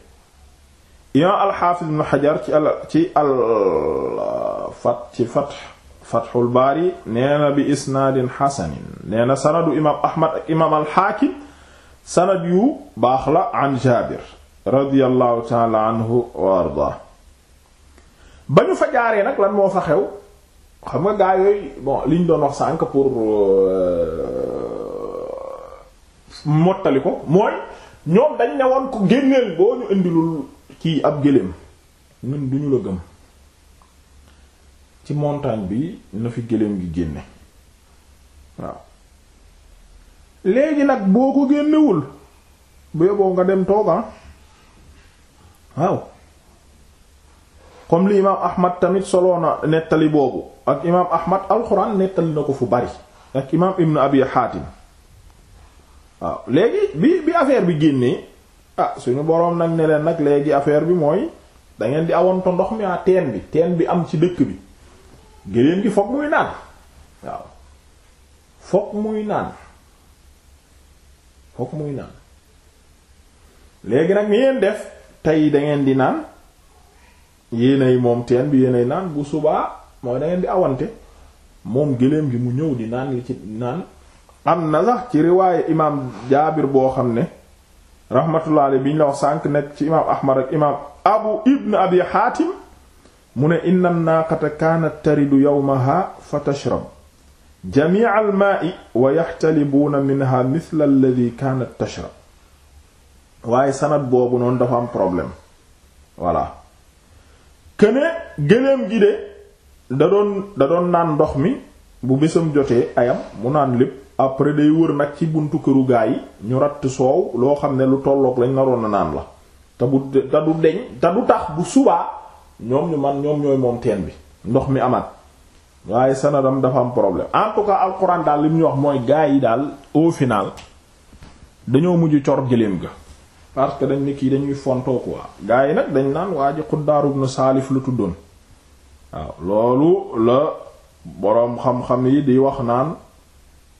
imaam alxaafiz ibn xajar ci al ci al fat ci fath fathul baari nee na bi isnaadin xasanin nee na sanadu imaam ahmad ak imaam alxaakim sanad yu baax la an jaabir radiyallahu taala anhu wa ardaa ba ñu fa jaaree nag lan moo fa xew xam nga gaa yooyu bon liñ doon wax sànk pour euh, mottali ko mooy ñoom dañ ne woon ko génneel boo ñu indilul ci ab gëléem ñun duñu la gëm ci montagne bi na fi gëléem gi génne waaw léegi nag boo ko génnewul bu yóbboo nga dem tooga ah. waaw comme imaam ahmad tamit soloon na nettali boobu ak imaam ahmad alxuraan nettali na ko fu bari ak imaam ibn abi xaatim waaw léegi bi bi affaire bi génnee ah suñu boroom nag ne leen nag léegi affaire bi mooy dangeen di awanto ndox mi ah teen bi teen bi am ci dëkk bi géléem gi fokk muy naan waaw fokk muy naan kooku muy naan léegi nag ni ngeen def tey dangeen di naan yéenay moom teen bi yéenay naan bu subaa mooy da di awante moom gëléem gi mu ñëw di naan li ci naan am na sax ci riwaaye imaam jaabir boo xam ne rahmatullah alayhi bi ñu la wax sànq nekk ci imaam ahmad ak imaam abu ibn abi haatim mu ne inna naaqata kaanat taridu yawmaha fa tashrab jamii almaai wa yaxtalibuuna minha mithla alladi kaanat tashrab waaye sanad boobu noonu dafa am problème voilà këne gëléem gi de da doon naan ndox mi bu bésam jotee ayam mu naan lépp après day wër nag ci buntu këru gaa yi ñu ratt soow loo xam ne lu tolloog lañ naroon a naan la te bu te te du tax bu subaa ñoom ñu man ñoom ñooy moom teen bi ndox mi amaat waaye sanadam dafa am problème en tout alxuraan daal li mu ñu wax mooy gaa yi daal au final dañoo mujj cor gëléem ga parce que dañ ne kii dañuy fontoo quoi gaa yi nag dañ naan waa ji Xuddaar ibn Saalif lu tuddoon waaw loolu la boroom xam-xam yi di wax naan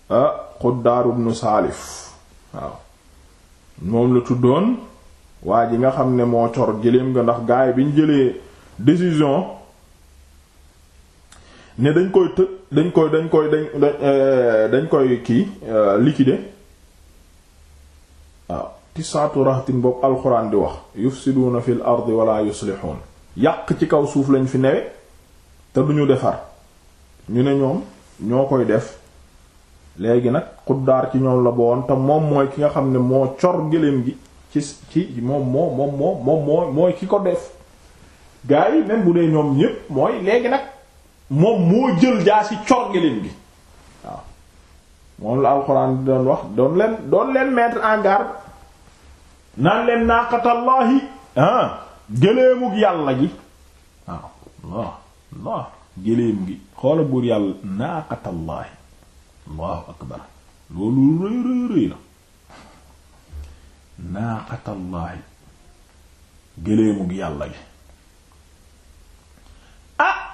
ah Xuddaar ibn Saalif waaw moom la tuddoon waa ji nga xam ne moo cor gëléem ga ndax gaay yi jëlee décision. ne dañ koy të dañ koy dañ koy dañ dañ eh, koy kii eh, liquider waaw tisaatu rahtin boobu alxuraan di wax yufsiduuna fil ardi wala yuslixuun yàq ci kaw suuf lañ fi newe te duñu defar ñu ne ñoom ñoo koy def léegi nag xuddaar ci ñoom la bowoon te moom mooy ki nga xam ne moo cor gëléem gi ci ci moom moo moom moo moom mooy ki ko def gars yi même bu dee ñoom ñépp mooy léegi nag moom moo jël jaasi cor gëléem gi waaw moom la alxuraan bi doon wax doon leen doon leen mettre en naan leen naaqatallaahi ah yàlla gi waaw allah allah yàlla gi ah!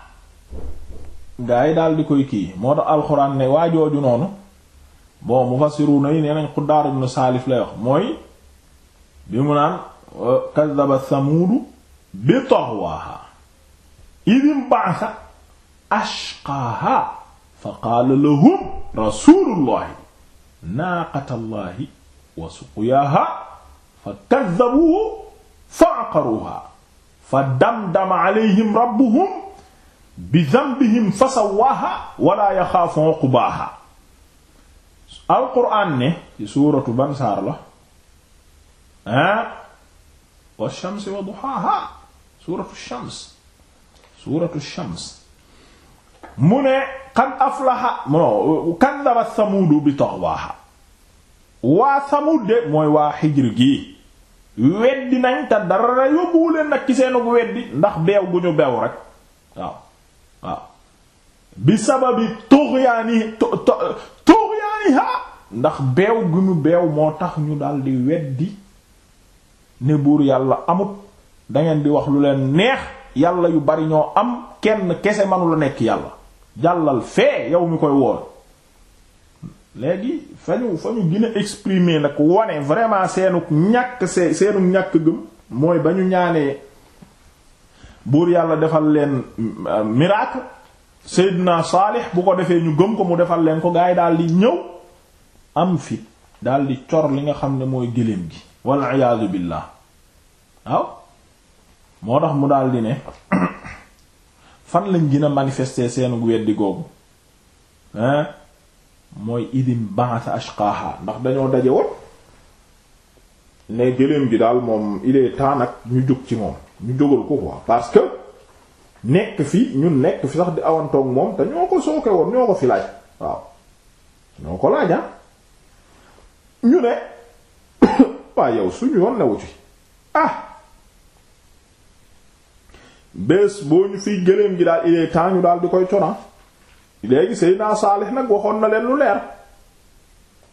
gaa yi daal di koy kii moo tax alxuraan ne waa jooju noonu bon mufassiruna yi nee nañ Xuddaar ibn Saalif lay wax mooy bi mu naan kaddaba Samuudu bi taxwaaha idim ba'sa ashqaaha fa qaala lahum rasuulullahi naaqatallahi wa suqyaaha fa kaddabuuhu fa aqaruuha fa damdama alayhim rabbuhum bi dhanbihim fasawaaha wala yaxaafu uqbaaha alquraan ne ci suuratu bansaar la ah wa shamsi wa duhaaha suuratu shams suuratu shams mu ne qad aflaha no kaddaba samuudu bi taghwaaha waa samuud mooy waa xijr gi weddi nañ ta dara yóbbuwuleen nag ci seenug weddi ndax beew gu ñu beew rek waaw bi sababi tuxyaani tuxyaaniha ndax beew gu mu beew moo tax ñu daldi weddi ne buur yàlla amut dangeen di wax lu leen neex yàlla yu bari ñoo am kenn kese manu la nekk yàlla jàllal fee yow mi koy woon léegi fa ñu fa ñu gën a exprimer nag wane vraiment seenuk ñàkk seenuk ñàkk gëm mooy ba ñu ñaanee buur yàlla defal leen euh, miracle Seydina Saalix bu ko defee ñu gëm ko mu defal leen ko gaa yi daal di ñëw am fit daldi di cor li nga xam ne mooy gëléem gi wal iyaadu billaah waaw moo tax mu daal ne fan lañ gën a manifester seenu weddi googu hein mooy idim ba'atha ashqaaha ndax dañoo daje woon ne gëléem gi daal moom il est temps nag ñu jóg ci moom ñu jógal ko quoi parce que nekk fi ñun nekk fi sax di awantoog moom te ñoo ko sooke woon ñoo ko fi laaj waaw ñoo ko laaj ah. ñu ne waa yow suñu yoon newu ci ah bés boo ñu fiy gëléem gi daal il est daal di koy cona léegi Seydina Saalih nag waxoon na leen lu leer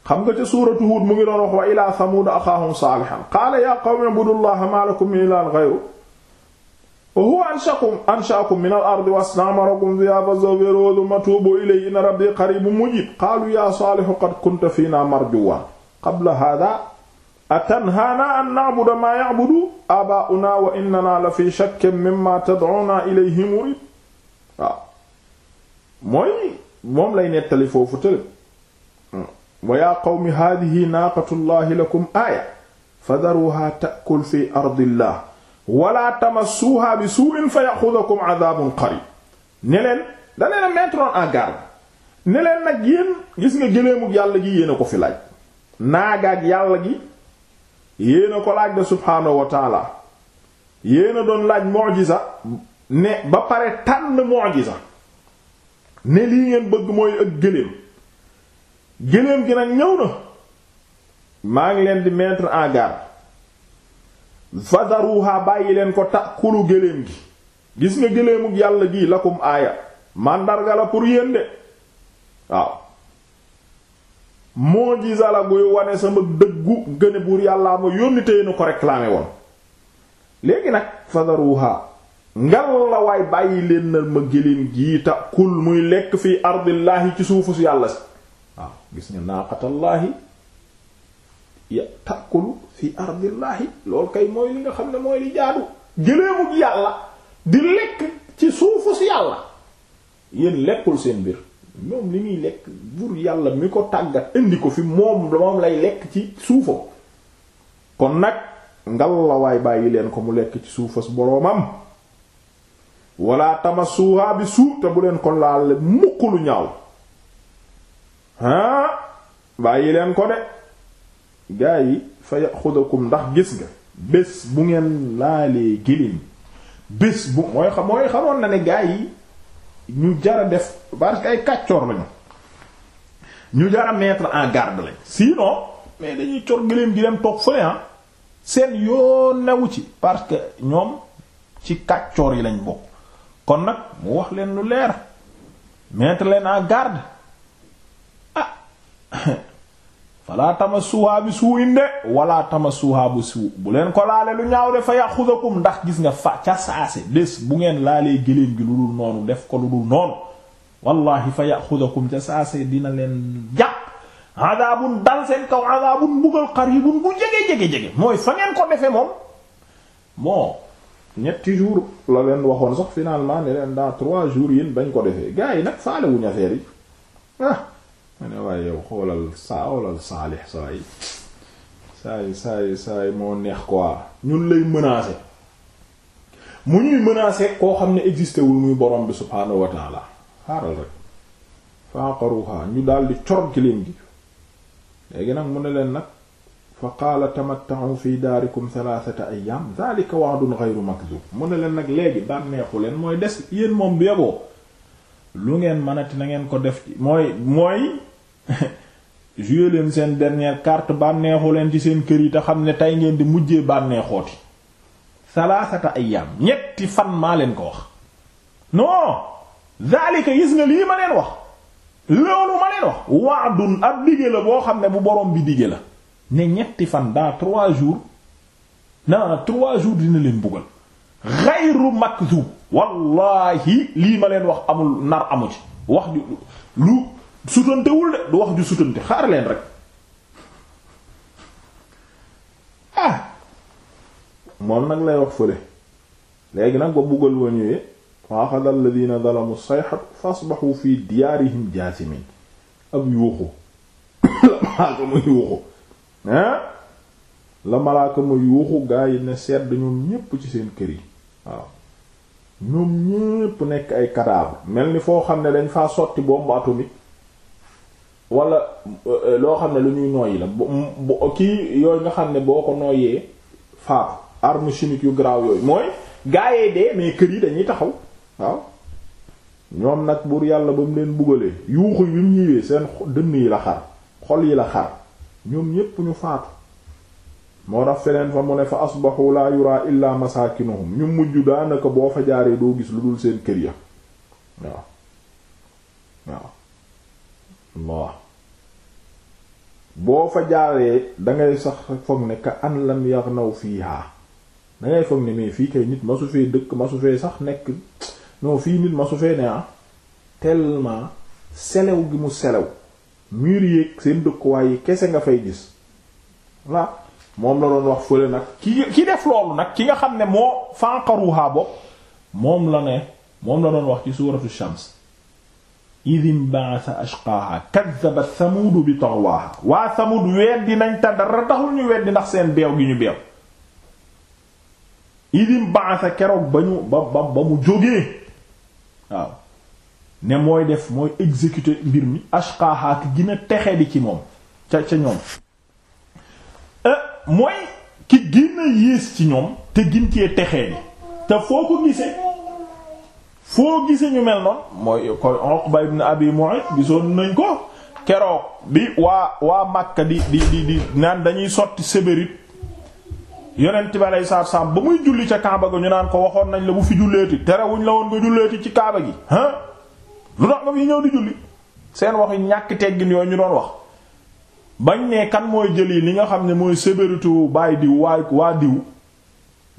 xam nga ca suuratu Huud mu ngi doon wax wa ilaa Samuud axaahum saalihan qaala yaa qawmi ubudullaha maa lakum min ilaahin ghayruhu wa huwa anshakum anshaakum min al ardi wastamarakum fiha fastaghfiruhu thumma tubu ilayhi inna rabbi qaribun mujib qaalu ya saalihu qad kunta fiina marjuwa qabla hadha atanhaana an na'buda maa ya'budu aabaa'una wa innana la fi shakkin mimma tad'una ilayhi murib waaw mooy moom lay nettali foofu tëlé wa yaa qawmi haadihi naaqatu llahi lakum aaya fadaruha ta'kul fi ardillah wala tamassuha bi su'in fa ya'khudhukum 'adhabun qarib ne leen da leen a en garde ne leen nag yéen gis nga gëleemug yàlla gi yéen ko fi laaj naagaag yàlla gi yéen a ko laaj de subhaanahu wa yéen a doon laaj mu'jiza ne ba pare tànn mu'jiza ne lii ngeen bëgg mooy ak gëléem gëléem gi nag ñëw na maa ngi leen di mettre en garde fadaruha bàyyi leen ko takulu géléem gi gis nga géléemug yàlla gii lakum aaya màndarga pour yéen de waaw moo jisa la guy sama dëggu gëne buur yàlla ma yónni te yéena ko réclamer woon léegi nag fadaruha ngal la waay bàyyi leen na ma géléem gii takul muy lekk fi ardillaahi ci suufu si yàlla si waaw gis nga naaqatallaahi ya takkulu fi ardillaahi loolu kay mooy li nga xam ne mooy li jaadu gëleemut yàlla di lekk ci suufu yàlla yéen lekkul seen mbir moom li muy lekk buur yàlla mi ko tàggat indi ko fi moom moom lay lekk ci suufam kon nag ngal la waay bàyyi leen ko mu lekk ci suufas boroomam wala tamasuwaa bi suuf te bu leen ko laal mukk lu ñaaw ah, bàyyi leen ko de gaa yi fa yaxudakum ndax gis nga bés bu ngeen laalee gilim bés bu mooy xam mooy xamoon na ne gaa yi ñu jara def parce que ay kàccoor lañu ñu jara mettre en garde lañ sinon mais dañuy cor gilim gi dem toog fële ah. seen yoo newu ci parce que ñoom ci kàccoor yi lañ bokk kon nag mu wax leen lu leer mettre leen en garde ah falaa tamassuha bi suu'in de wala tamassuha bu suu bu leen ko laale lu ñaaw de fa ya'khudhukum ndax gis nga fa ca saase bés bu ngeen laalee gëléem gi lu dul noonu def ko lu dul noonu wallahi fa ya'khudhukum ca saase dina leen jàpp adabun dal seen kaw adabun mbugal qaribun bu jege-jege-jege mooy fa ngeen ko defe moom bon ñetti jours la leen waxoon sax finalement ne leen dans trois jours yéen bañ ko defee gars yi nag faale wu affaire yi ah. mu ne waaye yow xoolal saa xoolal saalix saay saay saay saay moo neex quoi ñun lay menacer mu ñuy menacer koo xam ne existé wul muy borom bi subhaanahu wa taala xaaral rek faqaruha ñu daldi cor giléem gi léegi nag mu ne leen nag fa qaala tamatta'u fi daarikum thalathata ayyam dhalika wa'dun ghayru makdhub mu ne leen nag léegi bànneexu leen mooy des yéen moom bu yeboo lu ngeen mënati na ngeen ko def ci mooy mooy joué seen dernière carte bànneexu leen ci seen kër yi te xam ne tey ngeen di mujjee bànneexooti salaasata ayyaam ñetti fan maa leen ko wax non zaalika gis nga lii ma leen wax loolu ma leen wax waadun ab digge la boo xam ne bu borom bi digge la ne ñetti fan dans trois jours na trois jours dina leen buggal xayru makzub wallahi lii ma leen wax amul nar amu ci wax lu sutantewul de du wax ju sutante xaar leen rek ah! moom nag lay wax fële léegi nag ba buggal wa ñëwee wa axada alladina zalamu fas fa asbaxu fi diyaarihim jaasimin ab yuuxu la malaaka ma yuuxu hein ah! la malaaka yuuxu gaa yi ne sedd ñoom ñépp ci seen kër yi waaw ñoom ñépp nekk ay cadavre mel ni foo xam ne dañ faa sotti bombe atomique wala euh, loo xam ne lu ñuy nooyi la kii yooyu nga xam ne boo ko nooyee faatu arme yu garaaw yooyu mooy gaayee dee mais kër yi dañuy taxaw waaw ñoom nag buur yàlla ba mu leen bugalee yuuxu bi mu ñëwee seen dënn yi la xar xol yi la xar ñoom ñépp ñu faatu moo tax feneen fa mu ne fa asbahu la yura illa masakinuhum ñu mujj daanaka boo fa jaaree doo gis lu dul seen kër ya waaw waaw boo fa jaaree dangay sax foog ne ka an lam yaghnaw fiha dangay foog ne mais fii kay nit masu fee dëkk masu fee sax nekk non fii nit masu fee ne ah tellement selew gi mu selew mur yéeg seen dëkkuwaay yi kese nga fay gis voilà moom la doon wax fële nag ki ki def loolu nag ki nga xam ne moo fanqaruha bopp moom la ne moom la doon wax ci suuratu shams idim ba'atha ashqaaha kaddabat samuudu bi taghwaaha waa samuud weddi nañ te dara taxul ñu weddi ndax seen beew gi ñu beew idim ba'atha keroog ba ñu ba ba mu jógee waaw ne mooy def mooy exécuter mbir mi ashqaaha ki gën a texe di ci moom ca ca ñoom euh, mooy ki gën a yées ci ñoom te gin cee texee di te foo ko gisee foo gise ñu mel noonu mooy koy Uqba ibn Abi Mu'ayt gisoon nañ ko keroog bi waa waa Makka di di di naan dañuy sotti sébérite yonent bi aleyhi salaatu salaam ba muy julli ca Kaaba ga ñu naan ko waxoon nañ la bu fi julleeti terewuñ la woon nga julleeti ci Kaaba gi ah lu tax nga fi ñëw di julli seen waxi ñàkk teggin yooyu ñu doon wax bañ ne kan mooy jëli li nga xam ne mooy sébérite wu bàyyi diw waa waa diw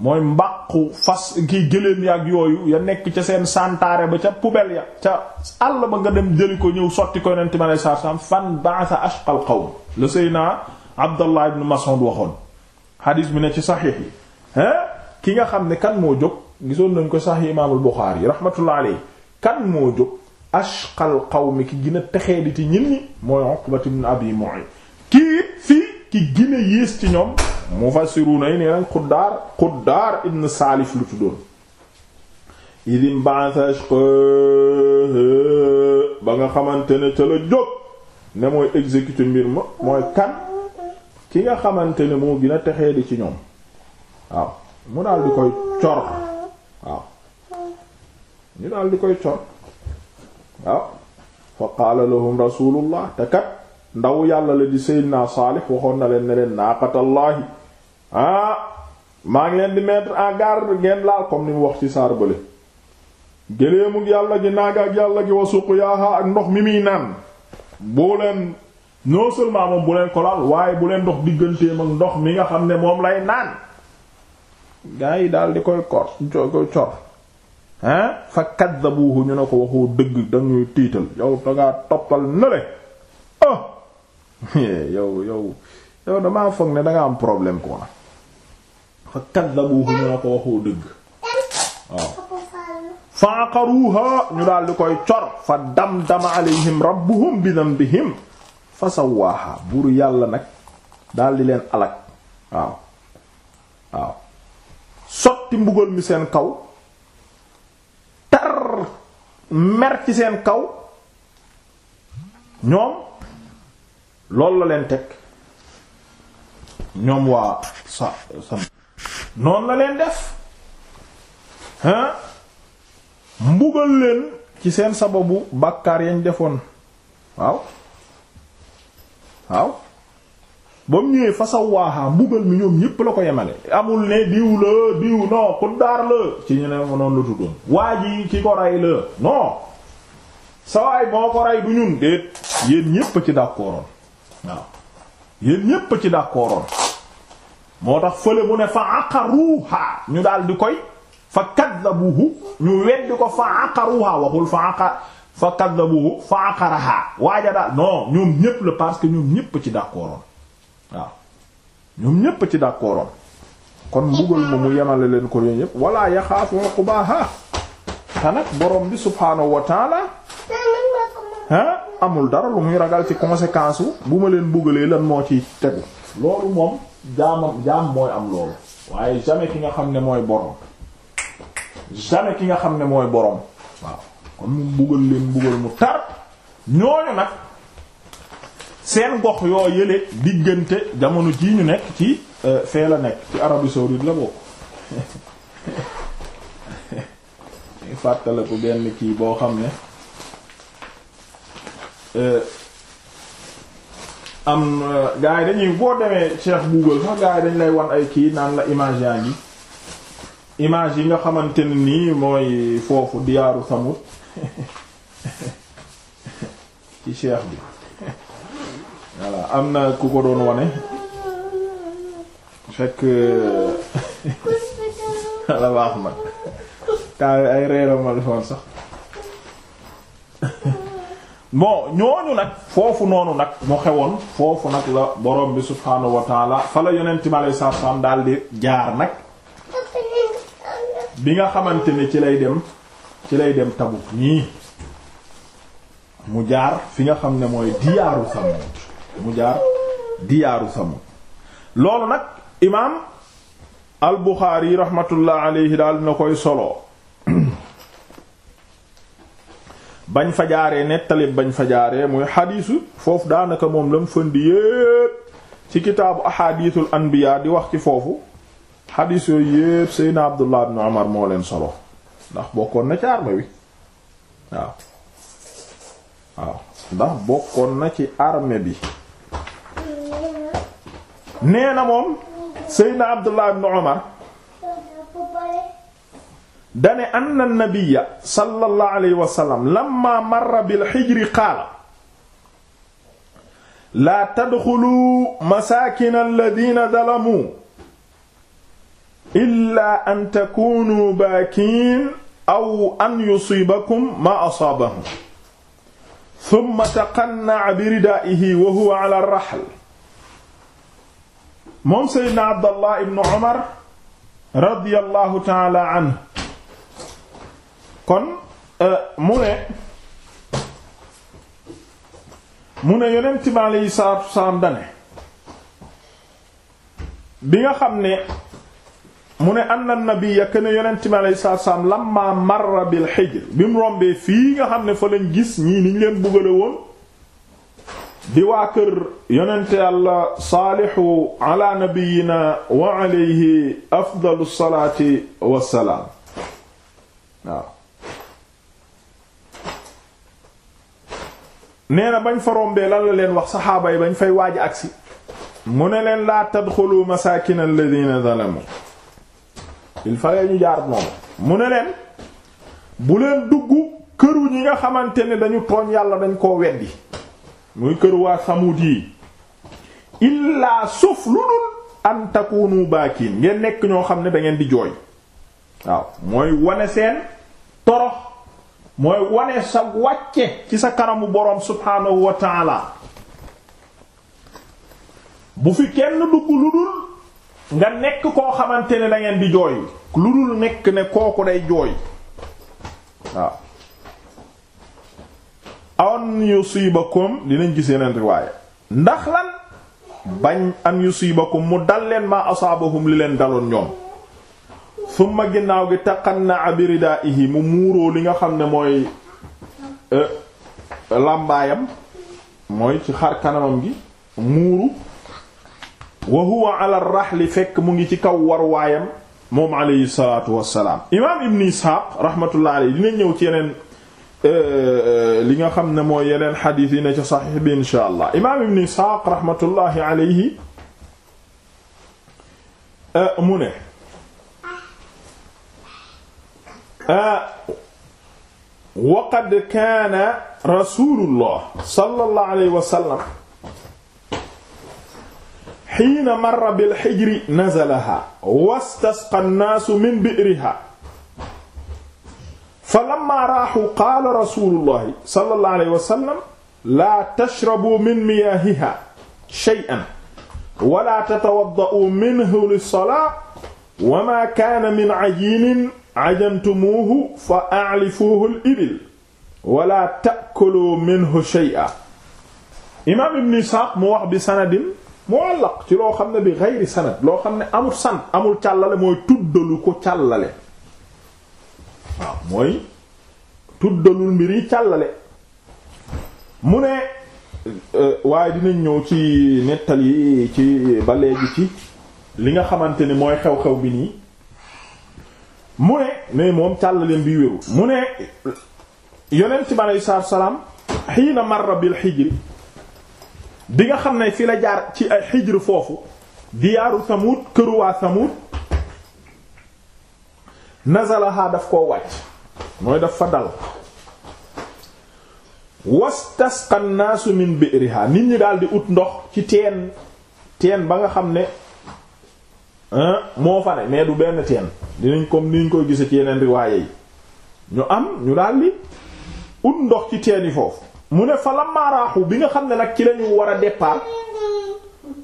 mooy mbaqu fas ki gëléem yaak yooyu ya nekk ca seen santaare ba ca poubelle ya ca àll ba nga dem jëli ko ñëw sotti ko yonent mi aleyhi salaatu salaam fan ba'atha ashqal qawm le seyna Abdallah ibn Mas'ud waxoon xadiis bi ne ci saxiix yi ki nga xam ne kan moo jóg gisoon nañ ko sax saxiix imaamul Buxaari yi rahmatullah aleyhi kan moo jóg ashqal qawmi ki gën a texee di ci ñin ñi mooy Uqbat ibn Abi Mu'ayt kii fii ki gine yées ci ñoom mu yi nee nañ xuddaar xuddaar ibn saalif lu tuddoon idim bansage ba nga xamante ne ca la jóg ne mooy exécuter mbir ma mooy kan ki nga xamante ne moo gën a texee di ci ñoom waaw mu daal di koy cor waaw ñu daal di koy cor waaw fa qaala lahum rasulullah te kat ndaw yàlla la di Seydina Saalix waxoon na leen ne leen naaqatallaahi ah maa ngi leen di mettre en garde ngeen laal comme ni mu wax ci saar bële géléemug yàlla gi naag ak yàlla gi wasuqu yaaha ak ndox mi muy naan boo leen non seulement bu leen ko waaye bu leen dox digganteem ak ndox mi nga xam ne moom lay naan gaa yi daal di koy kor koy cor ah fa kaddabuhu ñu ne ko waxoo dëgg dañuy tiital yow dangaa toppal nale yow yow yow damaa foog ne danga am problème quoi fa kaddabuhu ñu ne ko waxoo dëgg waaw fa ñu daal koy cor fa damdama alayhim rabbuhum bi dhanbihim fa sawaaha buur yàlla nag daal leen alak waaw waaw sotti mbugal mi seen kaw tar mer ci seen kaw ñoom loolu la leen teg ñoom waa sa sam noonu la leen def mbugal leen ci seen sababu bàkkaar yañ defoon waaw waaw ba mu ñëwee fasaw waaxaa mbugal mi ñoom ñépp la ko yemale amul ne diw la diw non xuddaar la ci ñu ne noonu la tuddoon waa ji ki ko rey la non sawaay moo ko rey du ñun déet yéen ñépp ci d'accordoon waaw yéen ñépp ci d'accordoon moo tax fële mu ne fa aqaruha ñu daal di koy fa kaddabuhu ñu weddi ko fa aqaruha waxul fa aqa fa kaddabuhu fa aqaraha waaja daal non ñoom ñépp la parce que ñoom ñépp ci d'accordoon waaw ñoom ñépp ci d'accordoon kon mbugal ma mu yemale leen ko yooyu yépp wala yaxaafu uqbaha te nag borom bi subhaanahu wa ta'ala amul dara lu muy ragal ci conséquence bu ma leen bëggalee lan moo ci tegu loolu moom jaamam jaam mooy am loolu waaye jamais ki nga xam ne mooy borom jamais ki nga xam ne mooy boroom waaw kon mu bëggal leen bëggal mu tar ñooñu nag seen gox yoo yële diggante jamono jii ñu nekk ci euh, fee la nekk ci Arabie saoudite la bokk fàttaliku benn kii boo xam ne Euh, am euh, gars yi dañuy boo demee Cheikh Google sax gars yi dañ lay wan ay kii naan la image yaa ngi image yi nga xamante ne nii mooy foofu diyaaru Samut ci Cheikh bi voilà am na ku ko doon wane fekk euh, la baax ma taa ay reeramal foon sax bon ñooñu nag foofu noonu nag mu xewoon foofu nag la borom bi subhaanahu wa taala fa la yonent mi alayhi salaatu salaam daal di jaar nag bi nga xamante ni ci lay dem ci lay dem Tabuk nii mu jaar fi nga xam ne mooy diyaaru Samud mu jaar diyaaru Samud loolu nag imaam al Buxaari rahmatullah alayhi daal na koy solo. bañ fa jaaree nettali bañ fa jaaree muy xadiisu foofu daanaka moom la mu fënd yépp ci kitaabu ahadiisul anbiyaa di wax ci foofu xadiis yooyu yépp Seydina Abdullah ibn Umar moo leen solo ndax bokkoon na ci na ci arme bi nee na moom Seydina Abdullah ibn Umar dane anna nabiyya sallallahu alayhi wa sallam lamma marra bil xijri qaala laa tadxulu masaakina alladina zalamu illa an takunu baakiin aw an yusiibakum maa asaabahum summa taqanna'a biridaa'ihi wa huwa ala raxl moom seydna abdallah ibnu umar radiyallahu ta'ala anhu kon euh, mu ne mu ne yonent bi aleyhi salaatu wasalaam dane bi nga xam ne mu ne anna nabiyya ne yonent bi aleyhi salaatu wasalaam lamma marra bil hijr bi mu rombee fii nga xam ne fa lañ gis ñii niñ leen buggale woon di waa kër yonente yàlla saalihu ala nabiyina wa alayhi afdalu salaati wassalaam waaw nee na bañ forom rombee lan la leen wax saxaaba yi bañ fay waaj agsi mu ne leen laa tadxulu masaakin alladina zalamu il fallait ñu jaar moom mu ne leen bu leen dugg këru ñi nga xamante ne dañu tooñ yàlla dañ koo weddi muy kër waa Samuud yi illaa suuf lu dul an takunu baakin ngeen nekk ñoo xam ne da ngeen di jooy waaw mooy wane seen torox mooy wane sa wàcce ci sa kanamu boroom subhaanahu wa taala bu fi kenn dugg lu dul nga nekk koo xamante ne dangeen di jooy lu dul nekk ne kooku day jooy waaw an yusibakum dinañ gis yeneen riwaaye ndax lan bañ an yusibakum mu dal leen maa asaabahum li leen daloon ñoom summa ginnaaw gi taqannaa biridaa'ihi mu muuroo li nga xam ne mooy e, làmbaayam mooy ci xar kanamam gi muuru wa huwa ala rahli fekk mu ngi ci kaw war waayam moom alayhi salaatu wassalaam imaam ibn isxaaq rahmatullah alayhi dina ñëw ci yeneen e, e, li nga xam ne mooy yeneen xadiis yi ne ci saxiix bi insha allah imaam ibn isxaaq rahmatullahi alayhi mu ne Ah, wa qad kaana rasulullah sallallahu alayhi wa sallam xiina marra bil xijri nazalaha wastasqa nnaasu min bi'riha falamma raaxu qaala rasulullahi sallallahu alayhi wa sallam laa tashrabuu min miyaahiha shay'an wa laa tatawadda'uu minhu lis-salaa wa maa kaana min cajiinin ajantumuuhu fa alifuuhu al ibil wala taakulu minhu shay'a imaam ibn Isxaaq mu wax bi sanadin mu'allaq ci loo xam ne bi geyri sanad loo xam ne amul san amul càllale mooy tuddalu ko càllale waaw mooy tuddalul mbir yi càllale mu ne euh, waaye dinañ ñëw ci nettali ci ba léegi ci li nga xamante ni mooy xew-xew bi nii mu ne mais moom càllaleem bi wérul mu ne yonent bi aleyhi salaatu salaam xiina marra bil xijri bi nga xam ne fi la jaar ci ay xijri foofu diyaaru Samud këru waa Samud nazalaha daf koo wàcc mooy daf fa dal wastasqa an-naasu min bi'riha nit ñi daal di ut ndox ci teen teen ba nga xam ne moo fa ne mais du benn teen dinañ comme ni ñu koy gise ci yeneen riwaaye yi ñu am ñu daal li ut ndox ci teen yi foofu mu ne fa lamma bi nga xam ne nag ci lañu war a départ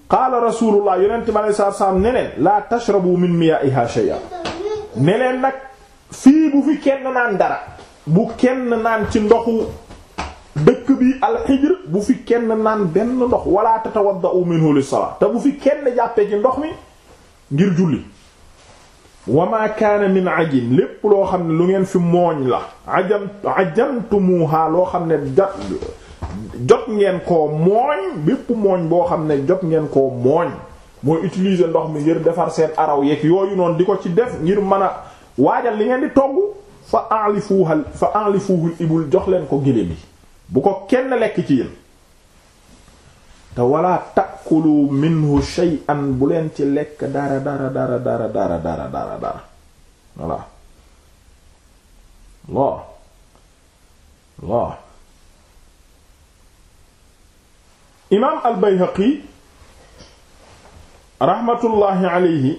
qaala rasulullah yonente bi alei satu salaam ne leen la tashrabu min miya'iha shay'a ne leen nag fii bu fi kenn naan dara bu kenn naan ci ndoxu dëkk bi alxijr bu fi kenn naan benn ndox wala tatawadda'u minhu lis-salat te bu fi kenn jàppee ci ndox mi ngir julli wa ma kaana min ajin lépp loo xam ne lu ngeen fi mooñ la ajam ajantumuha loo xam ne da jot ngeen koo mooñ bépp mooñ boo xam ne jot ngeen koo mooñ mooy utiliser ndox mi ngir defar seen araw yeeg yooyu noonu di ko ci def ngir mën a waajal li ngeen di togg fa enlifuuhal fa enlifuuhul ibul jox leen ko gélém yi bu ko kenn lekk ci yéen te wala takulu minhu shay'an bu leen ci lekk dara dara dara dara dara dara dara dara voilà loo loo imaam al Bayhaqi raxmatullaahi alayhi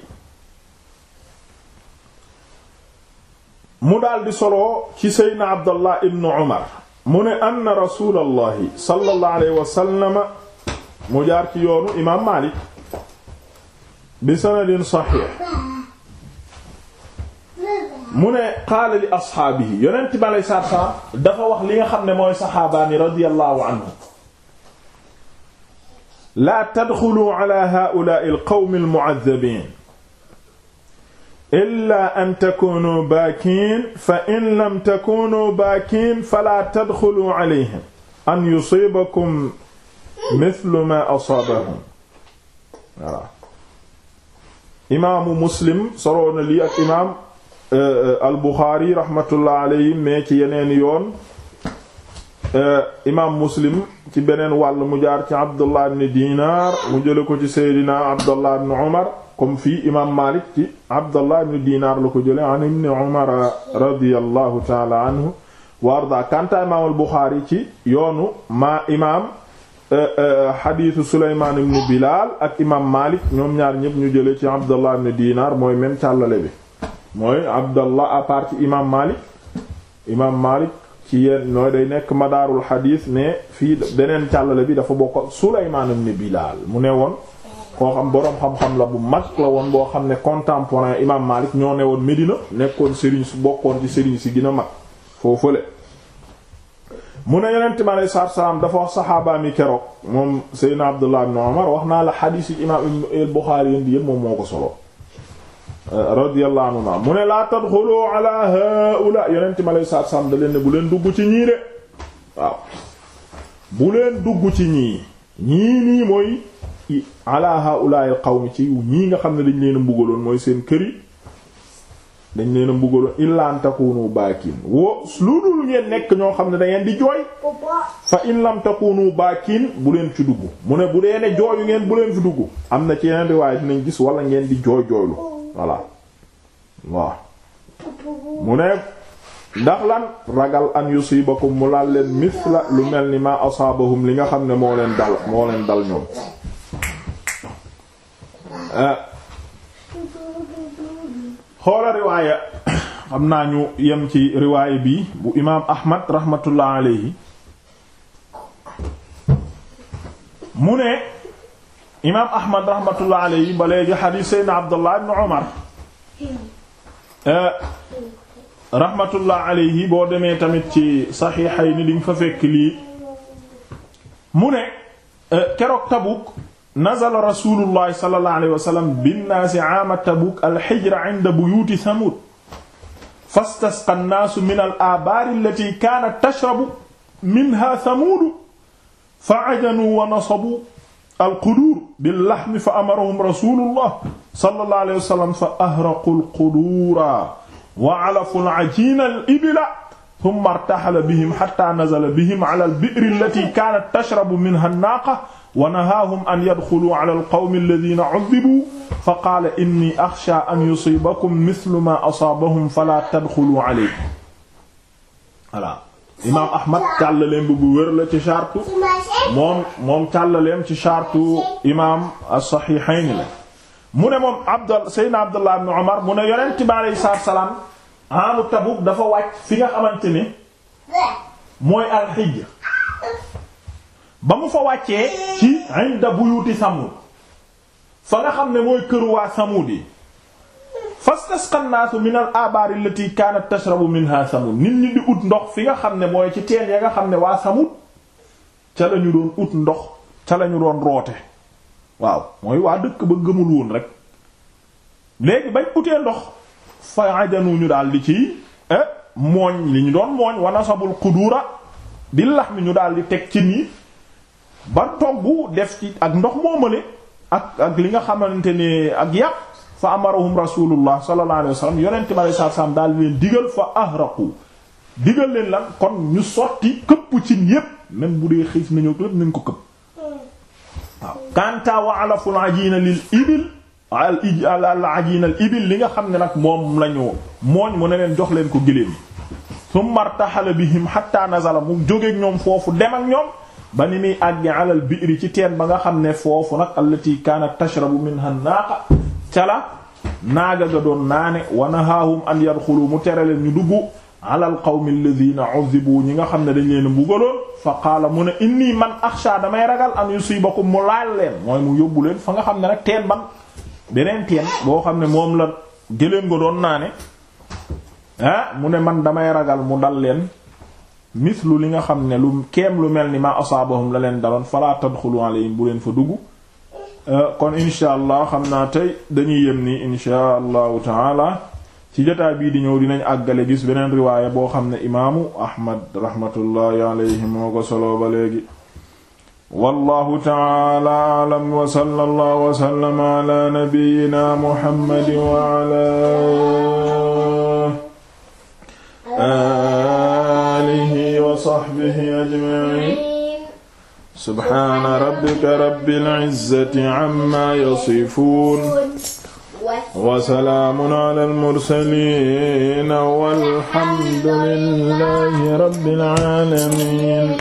mu daldi soloo ci seydna Abdallah ibn Umar mu ne anna rasuulallahi sallallahu alayhi wa sallam mu jaar ci yoonu imaam Maalik bi sanadin saxiix mu ne qaala li asxaabihi yonent bi aleyhi salaatu wa salaam dafa wax li nga xam ne mooy saxaabaani radiyallahu anhu laa tadxulu ala haa'ulaa'i al-qawmi al-mu'azzabiin illaa an takuunu baakiin fa in lam takuunu baakiin falaa tadxulu alayhim an yusiibakum mithlu ma asaabahum voilà imaamu muslim soloo na lii ak imaam euh, al buxaari rahmatullah alayhi mais ci yeneen yoon euh, imaam muslim ci beneen wàll mu jaar ci abdullah ibn dinar mu jële ko ci seydina abdullah ibn umar comme fii imaam malik ci abdullah ibn dinar la ko jële an ibn umar radiyallahu taala anhu wa arda kanta imaam al buxaari ci yoonu ma imaam Euh, euh, xadiisu Sulaymaan ibn Bilaal ak imaam Maalik ñoom ñaar ñëpp ñu jëlee ci Abdallah ibn Dinar mooy même càllale bi mooy Abdallah à part ci imaam Maalik imaam Maalik ci yenn nooy day nekk madaarul xadiis mais fii beneen càllale bi dafa bokk Sulaymaan ibn Bilaal mu ne woon koo xam boroom xam-xam la bu mag la woon boo xam ne contemporain imaam Maalik ñoo ne woon Médina nekkoon sëriñ su bokkoon ci sëriñ si gën a foofu foofule mu ne yonent ma aleyhi salaatu salaam dafa wax saxaabaam yi keroog moom Seydina Abdullah ibn Umar wax naa la xadiis yi imaam al-Buxaari yéen di moom moo ko solo radiyallahu anhuma mu ne laa tadxulu ala haula yonent bi aleyhi salaatu salaam da leen ne bu leen duggu ci ñii de waaw bu leen dugg ci ñii ñii nii mooy ala haula al qawmi ci ñii nga xam ne dañ leen a mbugaloon mooy seen kër yi dañ leen a mbuggaloon illaan takunu baakin wo lu dul ngeen nekk ñoo xam ne dangeen di jooy fa in lam takunu baakin bu leen fi dugg mu ne bu dee ne jooyu ngeen bu leen fi dugg am na ci yeneen riwaay dinañ gis wala ngeen di jooy jooylu voilà waaw mu ne ndax lan ragal an yusibakum mu laal leen mithla lu mel ni ma asaabahum li nga xam ne moo leen dal moo leen dal ñoom eh, xoola riwaaya xam naa ñu yem ci riwaaya bi bu imaam ahmad rahmatullah alayhi mu ne imaam ahmad rahmatullah alayhi ba léegi xadiis seydna abdullah ibn umar eh, rahmatullah alayhi boo demee tamit ci saxiixayni di nga fa fekk lii mu ne eh, keroog Tabuk nazala rasulullahi sallallahu alayhi wa sallam binnaasi aama Tabuuk alxijra inda buyuuti Samuud fastasqa nnaasu min al-aabaari allatii kaanat tashrabu minhaa Samuudu fa ajanuu wa nasabuu alquduur billahmi fa amarahum rasulullah sallallahu alayhi wa sallam fa ahraqu alquduura wa alafu alajiina alibla thumma irtahala bihim hattaa nazala bihim ala albiri allatii kaanat tashrabu minhaa annaaqa wa nahaahum an yadxuluu ala alqawmi alladina cudibuu fa qaala inni axsha an yusiibakum mislu ma asaabahum fala tadxuluu aleyhim voilà imaam ahmad càllaleem bi bu wér la ci chartu moom moom càllaleem ci chartu imaam as-saxiixayni la mu ne moom abd seydna abdullah ibn omar mu ne yonent bi aleyhi salaatu salaam aamu Tabuk dafa wàcc fi nga xamante ne mooy alxijja ba mu fa wàccee ci inda buyuti samud fa nga xam ne mooy kër waa samud yi fastasqa an-naasu min al-abaar allati kaanat tashrabu minha samud nit ñi di ut ndox fi nga xam ne mooy ci teen ya nga xam ne waa samud ca la doon ut ndox ca la ñu doon roote waaw mooy waa dëkk ba gëmul woon rek léegi bañ utee ndox fa ajanu ñu daal di ci eh, mooñ li ñu doon mooñ wa nasabul quduura di lax mi ñu daal di teg ci nii ba togg def ci ak ndox moomale ak ak li nga xamante ne ak yàpp fa amarahum rasulullah sallallahu alayhi wa sallam yonente mi aleye salaam daal leen digal fa ahraqu digal leen lan kon ñu sotti këpp cin yépp même bu dee xiif nañu lépp nañ ko këpp waaw kanta wa alaful ajina lil ibil al ajina al ibil li nga xam ne nag moom lañu mooñ mu ne leen jox leen ko gëléem yi summa rtahala bihim hatta nazala mu jógeeg ñoom foofu dem ak ñoom ba ni muy àgge alal biiri ci teen ba nga xam ne foofu nag allati kaanat tashrabu minha naaqa cala naaga ga doon naane wa nahaahum an yadxulu mu tere leen ñu dugg alal qawmi alladhina uzibu ñi nga xam ne dañ leen mbugaloon fa qaala mu ne inni man axsha damay ragal am yusibakum mu laal leen mooy mu yóbbu leen fa nga xam ne rek teen ban beneen teen boo xam ne moom la gëléem nga doon naane ah mu ne man damay ragal mu dal leen mislu li nga xam ne lu keem lu mel ni ma asaabahum la leen daloon fala tadxulu alayhim bu leen fa dugg euh, kon insha xam naa tey dañuy yem ni insha allahu ci jotaay bii di ñëw dinañ àggale gis beneen riwaaya boo xam ne imaamu ahmad rahmatullahi alayhi moo ko soloo ba léegi wallahu taala alam wa sallallahu wa sallama ala sahbihi ajma'in subhaana rabbika rabbil izzati amma yasifuun wa salaamun alal mursaliin walhamdu lillaahi rabbil aalamiin